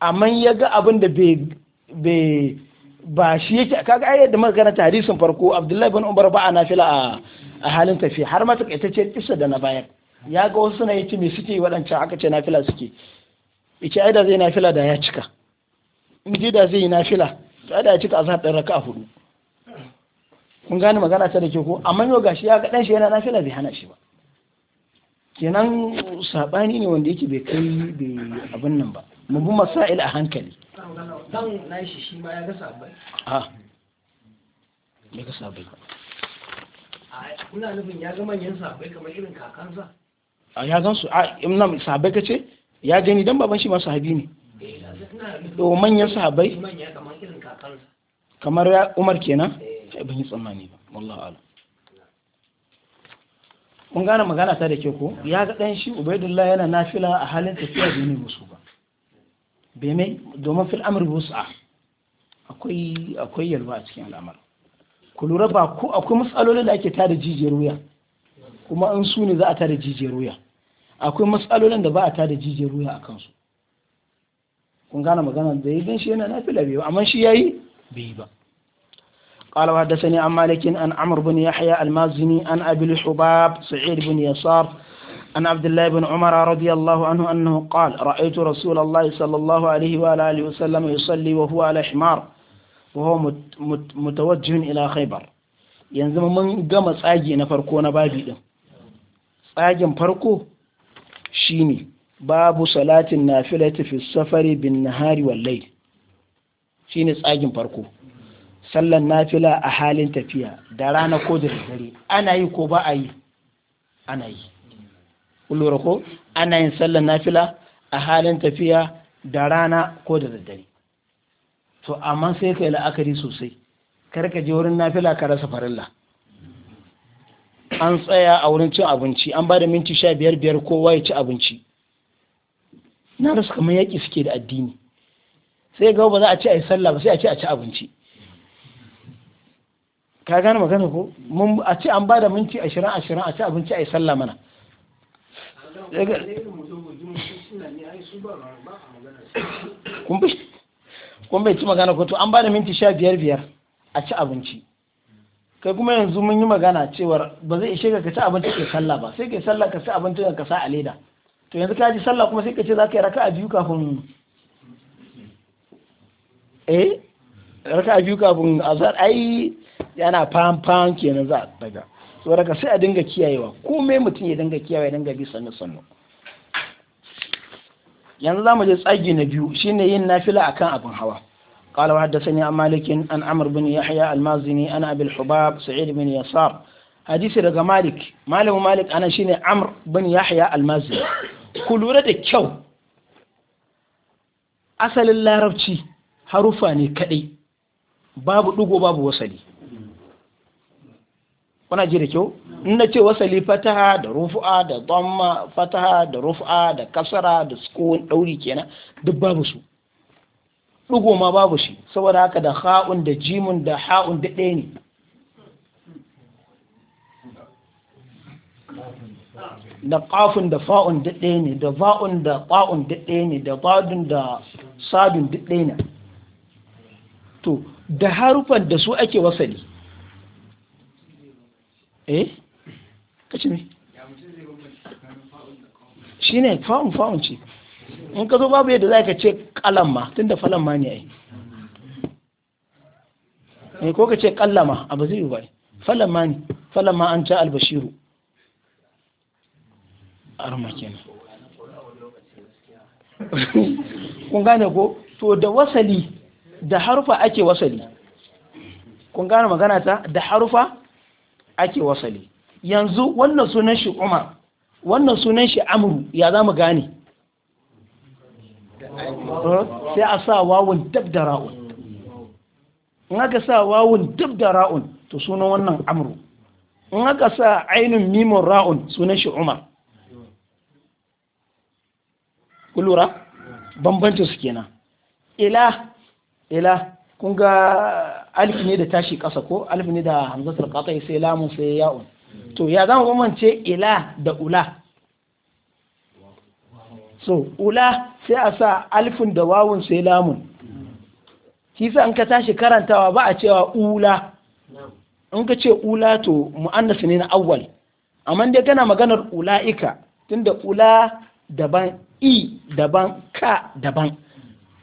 amma ya ga abin da bai ba shi yake kaga da magana hadisin farko Abdullahi bin Umar ba a nafila a halin tafiya har ma takaitacciyar kisa da na bayar ya ga wasu suna yace me suke waɗancan aka ce nafila suke yace ai da zai nafila da ya cika in ji da zai yi nafila to ai da ya cika azhar din raka hudu kun gane magana ta da ke ko amma yau gashi ya ga ɗan shi yana nafila bai hana shi ba kenan saɓani ne wanda yake bai kai bai abin nan ba mu bi masail a hankali dan nashi shi ma ya ga sabai a ya ga sabai kuna nufin ya ga manyan sabai kamar irin kakansa a ya zan su a imam sahabai ka ce ya gani dan baban shi ma sahabi ne to manyan sahabai kamar ya Umar kenan sai eh. ban yi tsammani ba wallahi ala gane magana ta da ke ko ya ga dan shi ubaidullah yana nafila a halin tafiya da ne musu ba bai mai domin fil amr busa akwai yalwa a cikin al'amar ku ba ko akwai matsalolin da ake tada jijiyar wuya kuma in su ne za a tada jijiyar wuya akwai matsalolin da ba a tada jijiyar wuya a kansu kun gane magana da ya gan shi yana nafila bai amma shi yayi bai ba qala haddasa hadathani an malikin an amar bin yahya al mazini an abi al hubab sa'id bin yasar an abdullah bin umar radiyallahu anhu annahu qala ra'aytu rasulullahi sallallahu alaihi wa alihi wa sallam yusalli wa huwa al himar وهو متوجه إلى خيبر ينزم من قام تساجي نفر كون بابي tsagen farko shine babu salatin nafilati fi safari bin nahari wallai. Shi shine tsagin farko sallan nafila a halin tafiya da rana ko da dare ana yi ko ba a yi ana yi kullura ko ana yin sallan nafila a halin tafiya da rana ko da daddare to amma sai kai la'akari sosai karka je wurin nafila ka rasa farilla an tsaya a wurin cin abinci an ba da minti sha biyar biyar kowa ya ci abinci na suka mai yaƙi suke da addini sai ga ba za a ci a yi sallah ba sai a ci a ci abinci ka gane magana ko mun a ci an ba da minti ashirin ashirin a ci abinci a yi sallah mana kun bai ci magana ko to an ba da minti sha biyar biyar a ci abinci kai kuma yanzu mun yi magana cewar ba zai ishe ka ka ci abinci ka sallah ba sai ka sallah ka ci abinci ka sa a leda to yanzu ka ji sallah kuma sai ka ce za ka yi raka'a biyu kafin eh raka'a biyu kafin azhar ai yana fan fan kenan za daga so daga sai a dinga kiyayewa komai mutum ya dinga ya dinga bi sannu sannu yanzu za mu je tsagi na biyu shine yin nafila akan abin hawa قال وحدثني عن مالك عن عمرو بن يحيى المازني أنا أبي الحباب سعيد بن يسار hadisi daga malik malamu malik ana shine amr bin yahya almazi ku lura da kyau asalin larabci harufa ne kadai babu dugo babu wasali kuna ji da kyau in na ce wasali fataha da rufu'a da dhamma fataha da rufu'a da kasara da sukun dauri kenan duk babu su ɗigo ma babu shi saboda haka da ha'un da jimun da ha'un da ɗaya ne da ƙafin da fa'un da ɗaya ne da ba'un da ƙa'un da ɗaya ne da badun da sadun da ɗaya ne to da harufan da su ake wasali eh kaci ne shi ne fa'un fa'un ce in ka zo babu yadda za ka ce kalama tun da falamma ne ai yi, eh, ko ka ce a abu zai yi ba falamma ne falamma an ca albashiru arma kun gane ko to da wasali da harufa ake wasali kun gane magana ta da harufa ake wasali yanzu wannan sunan shi umar wannan sunan shi amuru ya za mu gane Eh? sai a sa wawun dab da ra'un in aka sa wawun dab da ra'un to sunan wannan amru in aka sa ainihin mimon ra'un sunan shi umar kulura bambancin su kenan ila ila kun ga alifi ne da tashi ƙasa ko alifi ne da hamzatar kata sai lamun sai ya'un to ya zamu bambance ila da ula so ula sai a sa alifin da wawun sai lamun kisa in ka tashi karantawa ba a cewa ula in ka ce ula to mu'annas ne na awwal amma dai kana maganar ula'ika tunda ula daban i daban ka daban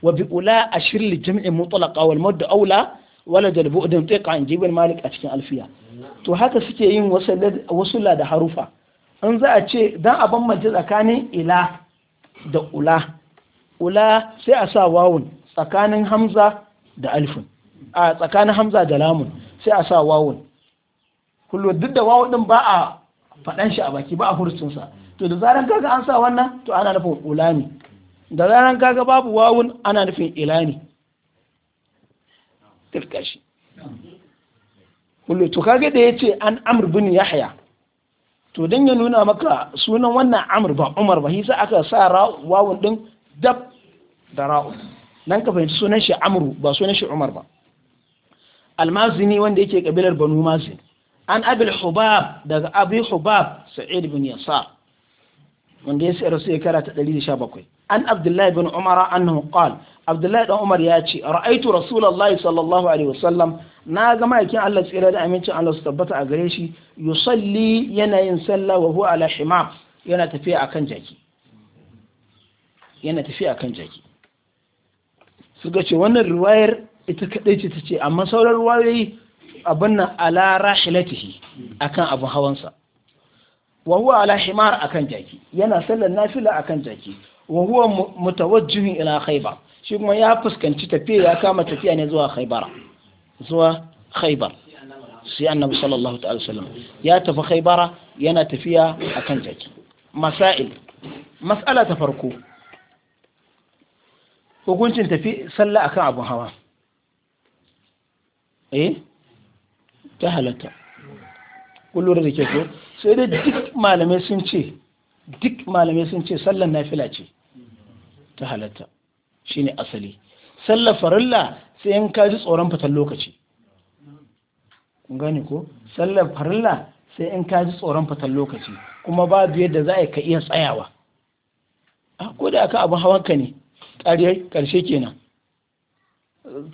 wa bi ula ashir li jam'i mutlaqa wal madd aula wala dal bu'din tiqa an jibal malik a cikin alfiya to haka suke yin wasu la da harufa in za a ce dan a bambance tsakanin ila da ula ula sai a sa wawun tsakanin hamza da alifin a tsakanin hamza da lamun sai a sa wawun kullum duk da wawun din ba a faɗan shi a baki ba a hurcinsa to da zaran kaga an sa wannan to ana nufin ula ne da zaran kaga babu wawun ana nufin ila ne kullum to kaga da yace an amr bin yahya to dan ya nuna maka sunan wannan amr ba umar ba hisa aka sa wawun din dab da ra'u dan ka fahimci sunan shi amru ba sunan shi umar ba almazini wanda yake kabilar banu mazin an abil hubab daga abi hubab sa'id bin yasar wanda ya rasu ya kara ta 117 an abdullahi bin umara annahu qala abdullahi dan umar ya ce ra'aitu rasulullahi sallallahu alaihi wasallam na ga ma'aikin Allah tsira da amincin Allah su tabbata a gare shi yusalli yana yin sallah wa huwa ala himar yana tafiya akan jaki yana tafiya akan jaki suka ce wannan riwayar ita kadai ce ta ce amma sauran riwayoyi abin nan ala rahilatihi akan abin hawansa wa huwa ala himar akan jaki yana sallar nafila akan jaki wa huwa mutawajjihun ila khaybar shi kuma ya fuskanci tafiya ya kama tafiya ne zuwa khaibar zuwa khaibar sai annabi sallallahu ta'ala sallam ya tafi khaibara yana tafiya akan jaki masail mas'ala ta farko hukuncin tafi sallah akan abun hawa eh ta halatta kullum da ke so sai dai duk malamai sun ce duk malamai sun ce sallan nafila ce ta halatta shine asali sallar farilla sai in ka ji tsoron fitar lokaci gani ko sallar farilla sai in ka ji tsoron fitar lokaci kuma babu yadda za a ka iya tsayawa ko da aka abin hawanka ne ƙarshe kenan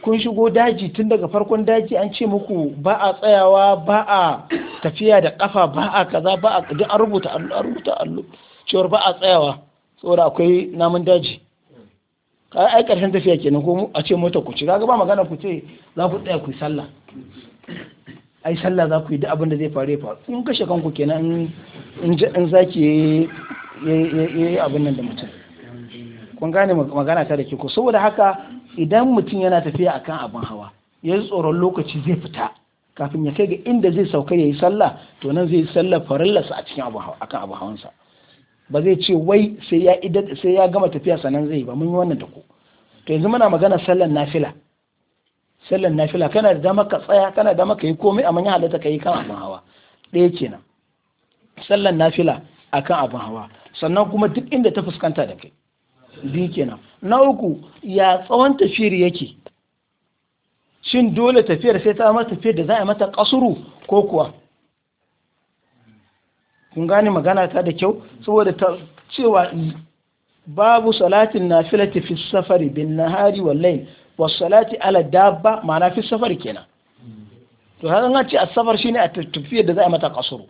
kun shigo daji tun daga farkon daji an ce muku ba a tsayawa ba a tafiya da kafa ba a kaza ba a duk an rubuta allo an rubuta allo cewar ba a tsayawa saboda akwai namun daji ai karshen tafiya kenan ko a ce mota ku ci kaga ba magana ku ce za ku tsaya ku yi sallah ai sallah za ku yi duk abin da zai faru ya faru in kashe kanku kenan in zaki yi abin nan da mutum kun gane magana ta da ke saboda haka idan mutum yana tafiya akan abin hawa ya tsoron lokaci zai fita kafin ya kai ga inda zai sauka ya yi sallah to nan zai yi sallah farillarsa a cikin akan abin hawansa ba zai ce wai sai ya sai ya gama tafiya sannan zai ba mun yi wannan da ku to yanzu muna magana sallan nafila sallan nafila kana da dama ka tsaya kana da dama ka yi komai a ya halatta ka yi kan abin hawa ɗaya kenan sallan nafila akan abin hawa sannan kuma duk inda ta fuskanta da kai biyu kenan na uku ya tsawon tafiyar yake shin dole tafiyar sai ta mata tafiyar da za a mata kasuru ko kuwa kun gane magana ta da kyau saboda ta cewa babu salatin nafilati fi safari bin nahari wal layl was salati ala dabba ma'ana fi safari kenan to har an ce as-safar shine a tafiya da za a mata kasuru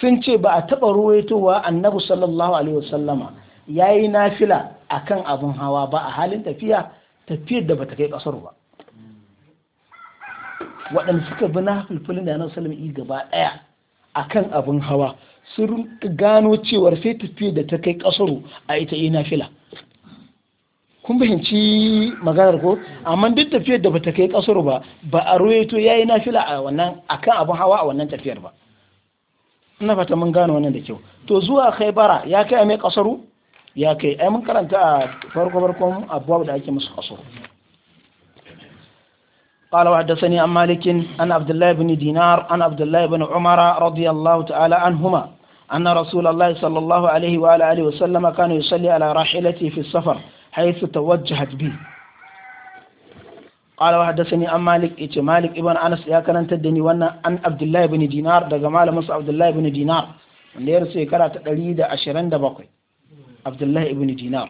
sun ce ba a taba ruwaitowa annabi sallallahu alaihi wasallama yayi nafila akan abun hawa ba a halin tafiya tafiyar da bata kai kasuru ba waɗanda suka bi na fulfulin da annabi sallallahu alaihi gaba ɗaya akan abin hawa sun gano cewar sai tafiya da ta kai kasaro a ita yi fila kun fahimci maganar ko amma duk tafiyar da bata kai kasaro ba ba a yi na fila a wannan akan abin hawa a wannan tafiyar ba ina fata mun gano wannan da kyau to zuwa bara ya kai mai kasaro ya kai ai mun karanta a farko farkon abuwa da ake musu kasaro قال وحدثني عن مالك عن عبد الله بن دينار عن عبد الله بن عمر رضي الله تعالى عنهما أن رسول الله صلى الله عليه وعلى آله وسلم كان يصلي على راحلته في السفر حيث توجهت به قال وحدثني عن مالك إيش مالك ابن أنس يا كان تدني وأنا عن عبد الله بن دينار دقا مال مصر عبد الله بن دينار ya shekara ta ɗari da ashirin da bakwai abdullahi ibn dinar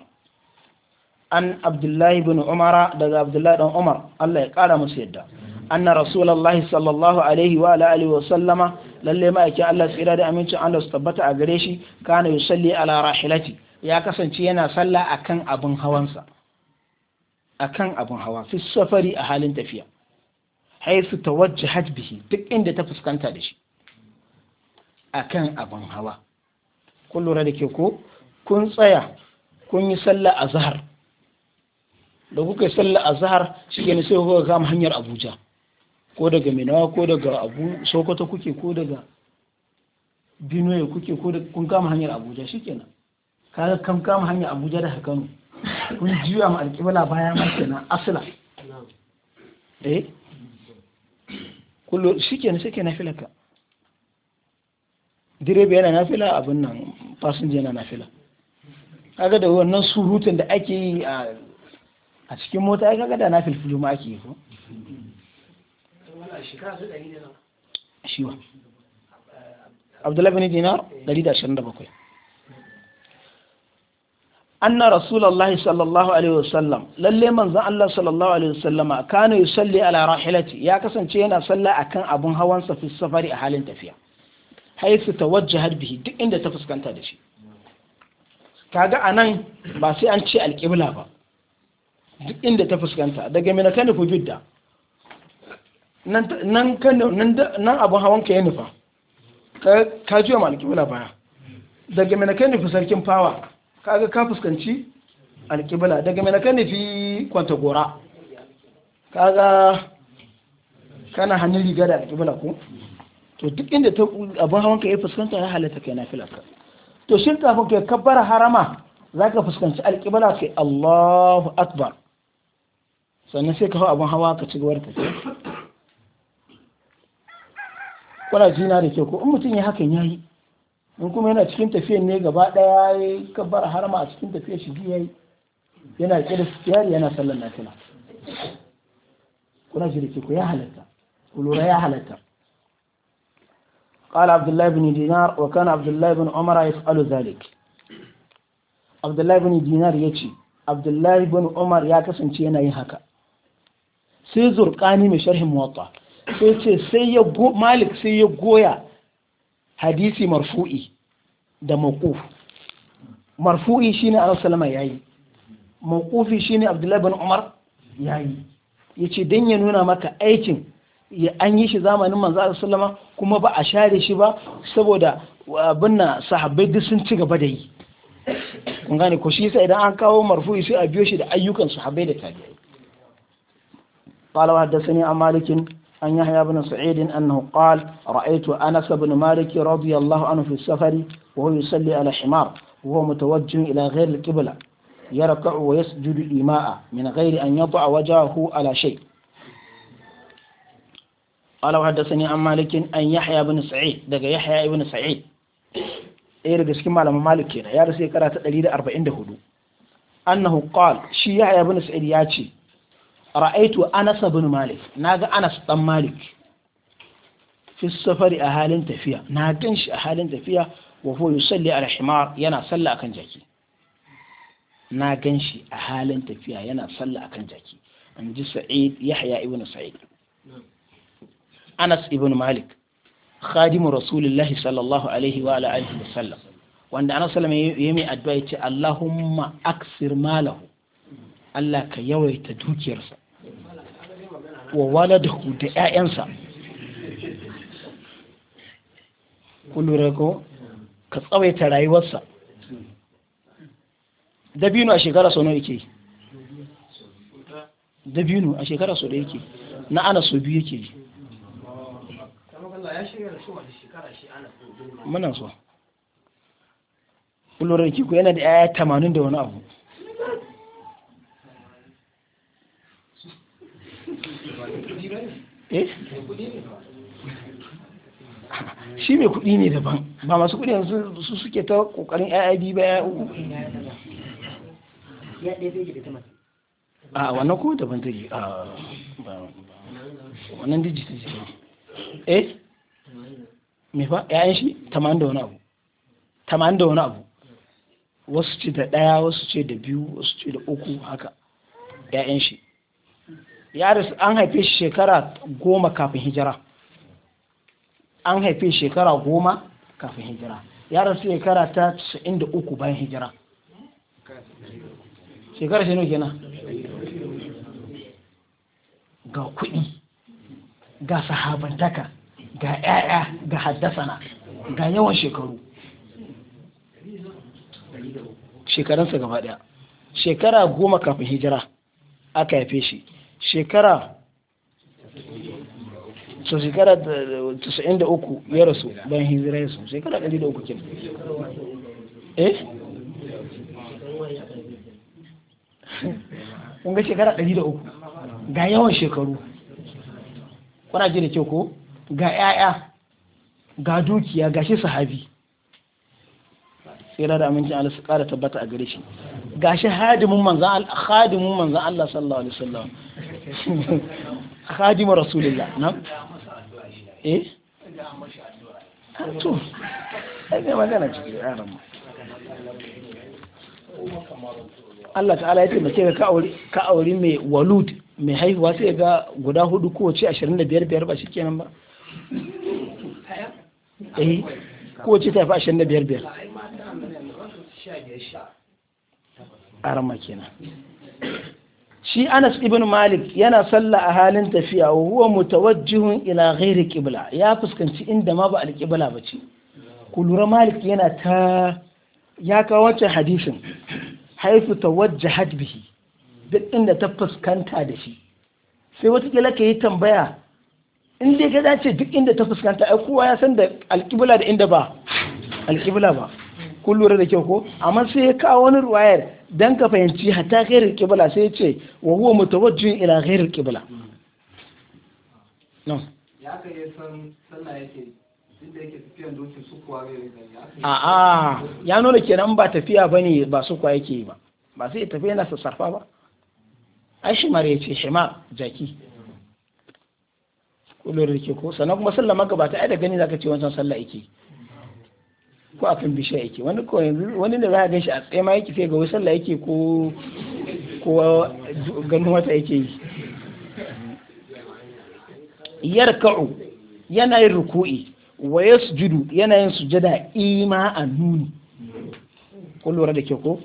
an abdullahi ibn umara daga abdullahi dan umar allah ya ƙara musu yadda anna rasulallahi sallallahu alaihi wa alihi wa lalle ma'aikin Allah tsira da amincin Allah su tabbata a gare shi kana yusalli ala rahilati ya kasance yana sallah akan abin hawansa akan abin hawa fi safari a halin tafiya haisu tawajjahat bihi duk inda ta fuskanta da shi akan abin hawa kun lura da ke ko kun tsaya kun yi sallah a zahar da kuka yi sallah a zahar shi ne sai kuka kama hanyar abuja ko daga minawa ko daga abu sokoto kuke ko daga binuwe kuke ko da kun kama hanyar abuja shikenan kaga kan kama hanyar abuja da Kano kun jiya ma alƙibla baya ma kenan asila eh kullu shikenan sai kenan filaka direba yana nafila abin nan fasinja yana nafila kaga da wannan surutun da ake yi a cikin mota kaga da nafil ma ake yi ko shi wa abdullahi bin dinar 127 anna rasulullahi sallallahu alaihi wasallam lalle manzon Allah sallallahu alaihi wasallama kana yusalli ala rahilati ya kasance yana salla akan abun hawan sa safari a halin tafiya haisu tawajjahat bihi duk inda ta fuskanta da shi kaga anan ba sai an ce alqibla ba duk inda ta fuskanta daga mina ta nufi nan abin hawan ka ya nufa ka ji wa alƙibla baya daga mai kai nufi sarkin fawa kaga ka fuskanci alkibila daga mai kai nufi kwanta gora kaga kana hannun riga da alkibila ko to duk inda ta abin hawan ka ya fuskanta ya halatta kai na filaka to shin kafin kai kabbara harama za ka fuskanci alkibila kai Allahu akbar sannan sai ka hau abin hawa ka ci gaba da tafiya kuna jina da ke ko in mutum ya hakan yayi in kuma yana cikin tafiyar ne gaba daya ya kabbar harama a cikin tafiyar shi biyayi yana rike da siyari yana sallan nafila kuna ji da ke ko ya halatta kulura ya halatta قال عبد الله بن دينار وكان عبد الله بن عمر يفعل ذلك عبد الله بن دينار يجي عبد الله بن عمر يا كسن شيء هكا sai zurkani mai sharhin muwatta sai ce sai ya malik sai ya goya hadisi marfu'i da mawquf marfu'i shine annabi salama yayi mawqufi shine abdullahi bin umar yayi yace dan ya nuna maka aikin ya an yi shi zamanin manzo wasallam kuma ba a share shi ba saboda abin na sahabbai duk sun ci gaba da yi kun gane ko shi yasa idan an kawo marfu'i sai a biyo shi da ayyukan sahabbai da tabi'ai قال وحدثني عن مالك عن يحيى بن سعيد أنه قال رأيت أنس بن مالك رضي الله عنه في السفر وهو يصلي على حمار وهو متوجه إلى غير القبلة يركع ويسجد إيماء من غير أن يضع وجهه على شيء قال وحدثني عن مالك أن يحيى بن سعيد دقى يحيى بن سعيد ɗaya daga cikin malaman malik kenan ya rasu ya karata 144 annahu qal shi yahya ibn sa'id ya ce ra'aitu anas bin malik naga anas dan malik fi safari a halin tafiya na gan shi a halin tafiya wa huwa yusalli ala himar yana sallah akan jaki na gan shi a halin tafiya yana sallah akan jaki an ji sa'id yahya ibn sa'id anas ibn malik khadimu rasulullahi sallallahu alaihi wa ala alihi wa sallam wanda anas sallam yayi mai addu'a yace allahumma aksir malahu Allah ka yawaita dukiyarsa wa wala da 'ya'yansa Kullum ko ka tsawaita rayuwarsa dabino a shekara sau nawa yake dabino a shekara sau da yake na ana sau biyu yake yi muna so ƙulurarki ku yana da 'ya'ya tamanin da wani abu Eh? shi mai kuɗi ne daban ba masu kuɗi yanzu su suke ta ƙoƙarin ya biyu ba ya'ya uku a wannan kuma daban yi a wannan dijita ce eh me fa ya'yan shi tamanin da wani abu tamanin da wani abu wasu ce da ɗaya wasu ce da biyu wasu ce da uku haka ya'yan shi yaris an haife shi shekara goma kafin hijira an haife shekara goma kafin hijira yaris shekara ta 93 bayan hijira shekara shi nuke na ga kuɗi ga sahabantaka ga 'ya'ya ga haddasana ga yawan shekaru shekarunsa gaba ɗaya shekara goma kafin hijira aka haife shi shekara so shekara 93 ya rasu bayan hijira ya rasu shekara 103 kenan eh kun ga shekara 103 ga yawan shekaru kuna ji da kyau ko ga 'ya'ya ga dukiya ga shi sahabi sai da amincin Allah su kara tabbata a gare shi gashi hadimin manzan Allah hadimin manzan Allah sallallahu alaihi wasallam hadimin rasulullah na eh to ai ne magana ce yaran Allah ta'ala ya taimake ka ka aure mai walud mai haihuwa sai ga guda hudu kowace 25 biyar ba shikenan ba eh kowace ta fi 25 biyar arma kenan shi Anas ibn Malik yana sallah a halin tafiya wa huwa mutawajjihun ila ghairi qibla ya fuskanci inda ma ba alqibla ba ce ku Malik yana ta ya kawo wancan hadisin haifu tawajjahat bihi duk inda ta fuskanta da shi sai wata ka yi tambaya in dai ka dace duk inda ta fuskanta ai kowa ya san da alqibla da inda ba alqibla ba kun lura da kyau ko amma sai ya kawo wani ruwayar dan ka fahimci hatta ghairul qibla sai ya ce wa huwa mutawajjihun ila ghairul qibla no ya ka yi san sallah yake su kuwa a'a ya nuna kenan ba tafiya ba ne ba yake yi ba ba sai tafiya yana sassarfa ba ai shimar ya ce shima jaki kullum da ke ko sannan kuma sallah magabata ai da gani zaka ce wancan sallah yake ko a kan bishiya yake wani ko yanzu wani da za a gan shi a tsaye ma yake sai ga wasu sallah yake ko ko ganin wata yake yi yarka'u yana yin ruku'i wa yasjudu yana yin sujada ima a nuni ko lura da ke ko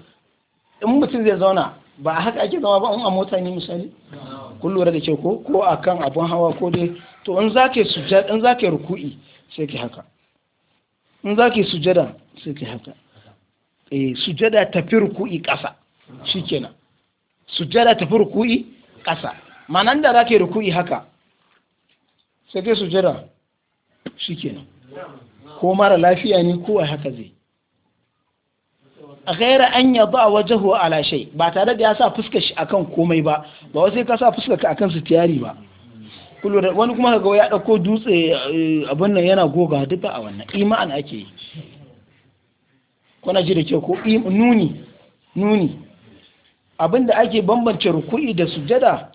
in mutum zai zauna ba a haka ake zama ba in a mota ne misali ko lura da ke ko ko akan abun hawa ko dai to in zake sujada in zake ruku'i sai ki haka in za ki sujada sai ki haka eh sujada tafi ruku'i ƙasa kenan sujada tafi ruku'i ƙasa manan da za ki ruku'i haka sai kai sujada kenan ko mara lafiya ne ko a haka zai a gaira an ya ba wajahu ala shai ba tare da ya sa fuskar shi akan komai ba ba wasu ya sa fuskar ka akan su tiyari ba kulura wani kuma kaga ya dauko dutse eh, abin nan yana goga duka a wannan iman ake yi kuna ji da ke ko nuni nuni abin da ake bambance ruku'i da sujada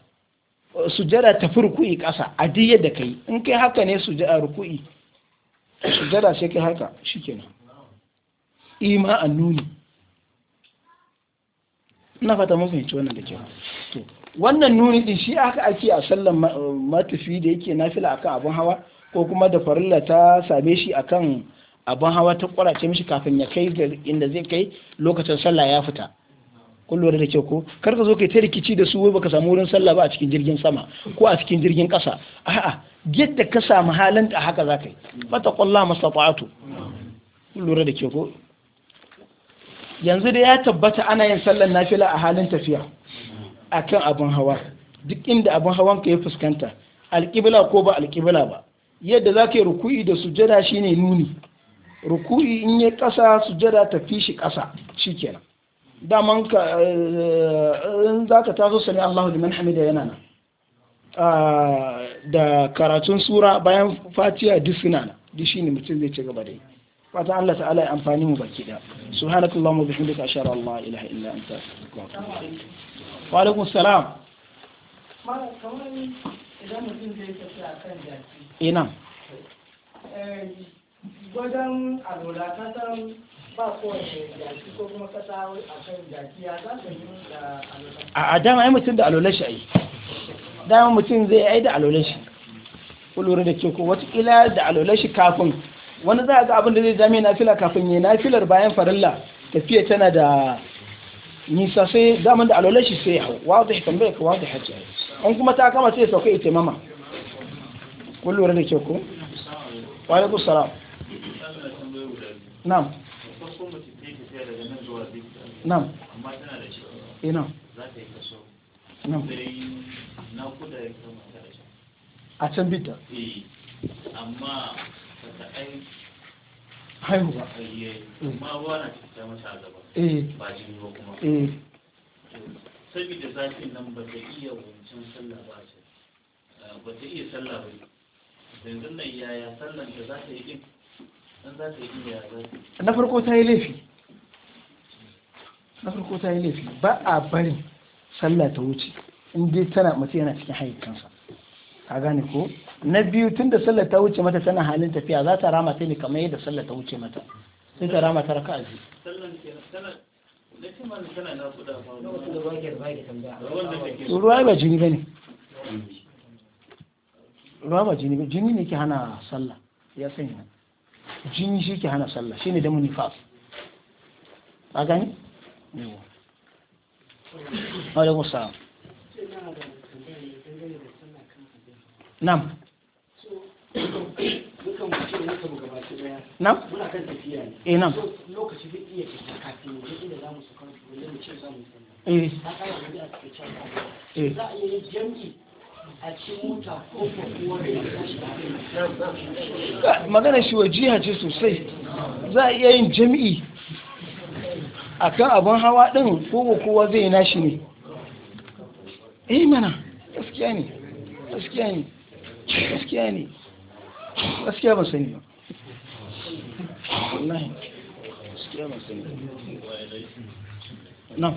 sujada tafi ruku'i ƙasa a duk yadda kai in kai haka ne sujada ruku'i sujada sai kai haka shikenan ima nuni ina fata mun fahimci wannan da kyau to wannan nuni din shi aka ake a sallan matafi da yake nafila akan abun hawa ko kuma da farilla ta same shi akan abun hawa ta kwarace mishi kafin ya kai da inda zai kai lokacin sallah ya fita kun da kyau ko kar ka zo kai ta rikici da su baka samu wurin sallah ba a cikin jirgin sama ko a cikin jirgin kasa a'a yadda ka samu halin da haka za ka yi fata kwallah mastata'atu kun lura da kyau ko yanzu da ya tabbata ana yin sallar nafila a halin tafiya a kan abin hawa duk inda abin hawan ka ya fuskanta alƙibla ko ba alƙibla ba yadda za ka yi ruku'i da sujada shine nuni ruku'i in yi ƙasa sujada ta fi shi ƙasa shikenan daman ka eh, in za ka taso sani Allahu liman hamida yana nan ah, da karatun sura bayan fatiya duk suna nan duk ne mutum zai ci gaba da yi fata Allah ta'ala ya amfani mu baki da subhanakallahumma bihamdika ashhadu an la ilaha illa anta astaghfiruka wa atubu ilaik wa alaikum salam ina gwadon alola ta san ba kowace jaki ko kuma kasa a kan jaki ya ta yi da alola a dama ai mutum da alola shi a yi. dama mutum zai yi da alola shi ku da ke ko ila da alola shi kafin wani za a ga abin da zai jami nafila kafin yi nafilar bayan farilla tafiya tana da nisa sai daman da alwalar shi sai hau wata shi tambaya ka wata hajji an kuma ta kama sai sauka ita mama kun lura da ke ku wa alaikum salam na'am na'am ina eh, na'am a can bita eh, amma Mm. A a yi yi ba. Ba cikin ma haihuwa eh. saboda zafin nan ba ta iya wancan sallah ba ce ah, ba ta iya sallah ba yanzu nan yaya sallan ta za ta yi ɗin, dan za ta yi ɗin yaya za na farko ta yi laifi na farko ta yi laifi ba a barin sallah ta wuce in dai tana mace yana cikin hayyakansa ka gane ko na biyu tun da sallar ta wuce mata tana halin tafiya za ta rama ta ne kamar yadda sallar ta wuce mata sai ta rama ta raka aji ruwa ba jini ba ne ruwa ba jini ba jini ne ke hana sallah ya sanya jini shi ke hana sallah shi ne da munifas a gani? wadda kusa. nam nam muna kan tafiya ne eh nam lokaci zai iya tafiya kafin inda za mu za mu eh a cikin can eh za a iya yin jami'i a cikin mota ko da ya tashi da magana shi ce sosai za a iya yin jami'i abin hawa din ko kowa zai nashi ne eh mana gaskiya ne gaskiya ne gaskiya ne gaskiya ba sani ba wallahi gaskiya ba sani na eh?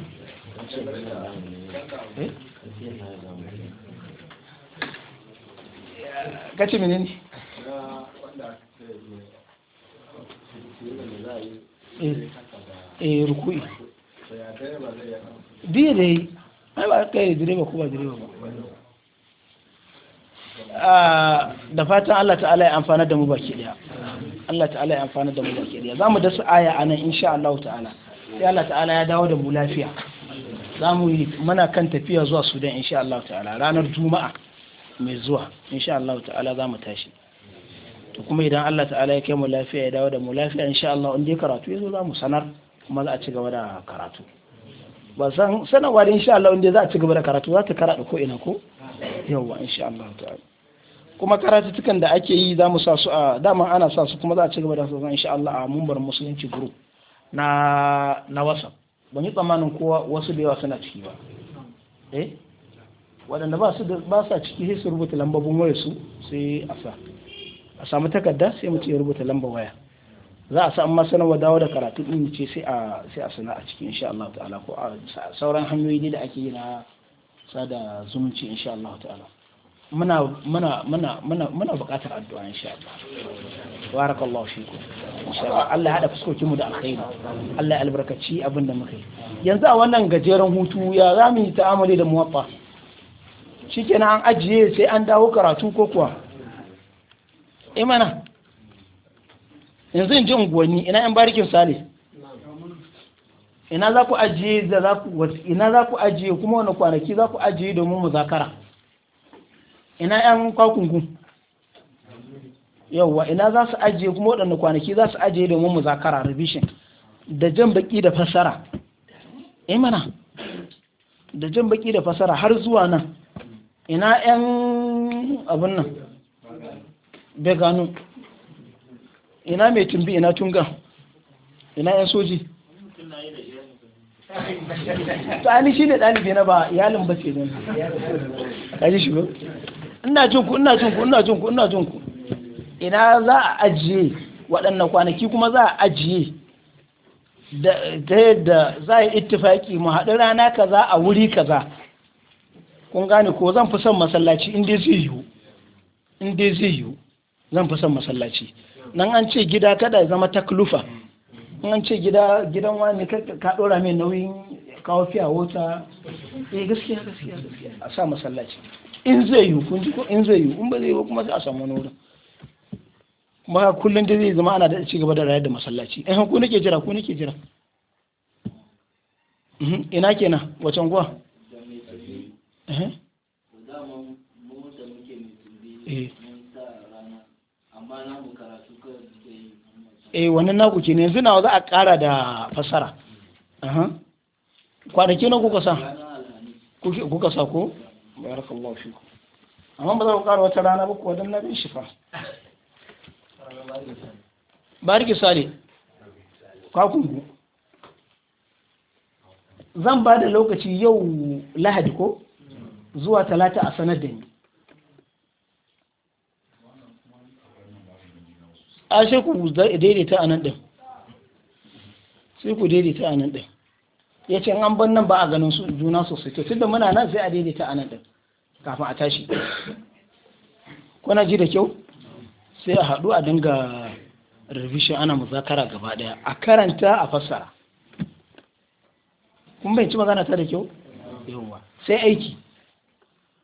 Eh, eh rukui biye dai ai ba kai direba ko ba direba ba Ah, da fatan Allah ta'ala ya amfana da mu baki daya Allah ta'ala ya amfana da mu baki daya zamu su aya anan insha Allah ta'ala sai Allah ta'ala ya dawo da mu lafiya zamu yi mana kan tafiya zuwa Sudan insha Allah ta'ala ranar Juma'a mai zuwa insha Allah ta'ala zamu tashi to kuma idan Allah ta'ala ya kai mu lafiya ya dawo da mu lafiya insha Allah in dai karatu yazo zamu sanar kuma za a ci gaba da karatu ba san sanarwa da insha Allah in dai za a ci gaba da karatu za ta karatu ko ina ko yawwa insha Allah ta'ala kuma karatutukan da ake yi za mu sa su a dama ana sa su kuma za a ci gaba da su insha Allah a mumbar musulunci group na na WhatsApp ban yi tsammanin kowa wasu da yawa suna ciki ba eh waɗanda ba su ba sa ciki sai su rubuta lambobin waya su sai a sa a samu takarda sai mu ya rubuta lamba waya za a sa amma sanarwa dawo da karatu din ce sai a sai a sana a cikin insha Allah ta'ala ko a sauran hanyoyi da ake yi na sada zumunci insha Allah ta'ala muna muna muna muna muna buƙatar addu'a insha Allah barakallahu fiku insha Allah Allah ya hada fuskokin mu da alkhairi Allah ya albarkaci abin da muka yi yanzu a wannan gajeren hutu ya za mu yi ta'amuli da muwatta shikenan an ajiye sai an dawo karatu ko kuwa imana eh yanzu in ji unguwanni ina yan barikin sale ina za ku ajiye za ku ina za ku ajiye kuma wani kwanaki za ku ajiye domin muzakara ina yan Yau yauwa ina za su ajiye kuma waɗanda kwanaki za su ajiye domin muzakara revision da jan baki da fassara eh mana da jan baki da fassara har zuwa nan ina yan abin nan gano ina mai tumbi ina tunga ina yan soji ta shi ne ɗalibi na ba iyalin ba ce ne ka ji shi ba ina jin ku ina jin ku ina jin ku ina jin ku ina za a ajiye waɗannan kwanaki kuma za a ajiye ta yadda za a yi ittifaki mu haɗu rana kaza a wuri kaza kun gane ko zan fi son masallaci in dai zai yiwu in dai zai yiwu zan fi son masallaci nan an ce gida kada ya zama taklufa in an ce gida gidan wani ka ɗora mai nauyin kawo fiya wata eh gaskiya gaskiya gaskiya a sa masallaci in zai yi kun ji ko in zai yi in ba zai yi kuma sai a samu wani wurin ma kullum da zai zama ana da ci gaba da rayar da masallaci eh ko nake jira ko nake jira mhm, ina kenan wacan guwa eh. eh eh wannan naku ke ne yanzu nawa za a kara da fasara kwanaki na kuka sa kuka sa ko barakallahu fikum amma ba za ku ƙara wata rana ba kuwa don na bin shi fa bariki sale kwakungu zan ba da lokaci yau lahadi ko zuwa talata a sanar da ni a sai ku daidaita a nan ɗin sai ku daidaita a nan ɗin ya ce an ban nan ba a ganin juna sosai to tunda muna nan sai a daidaita a nan ɗin kafin a tashi kuna ji da kyau sai a haɗu a dinga revision ana muzakara gaba ɗaya a karanta a fassara kun bai ci magana ta da kyau yawwa sai aiki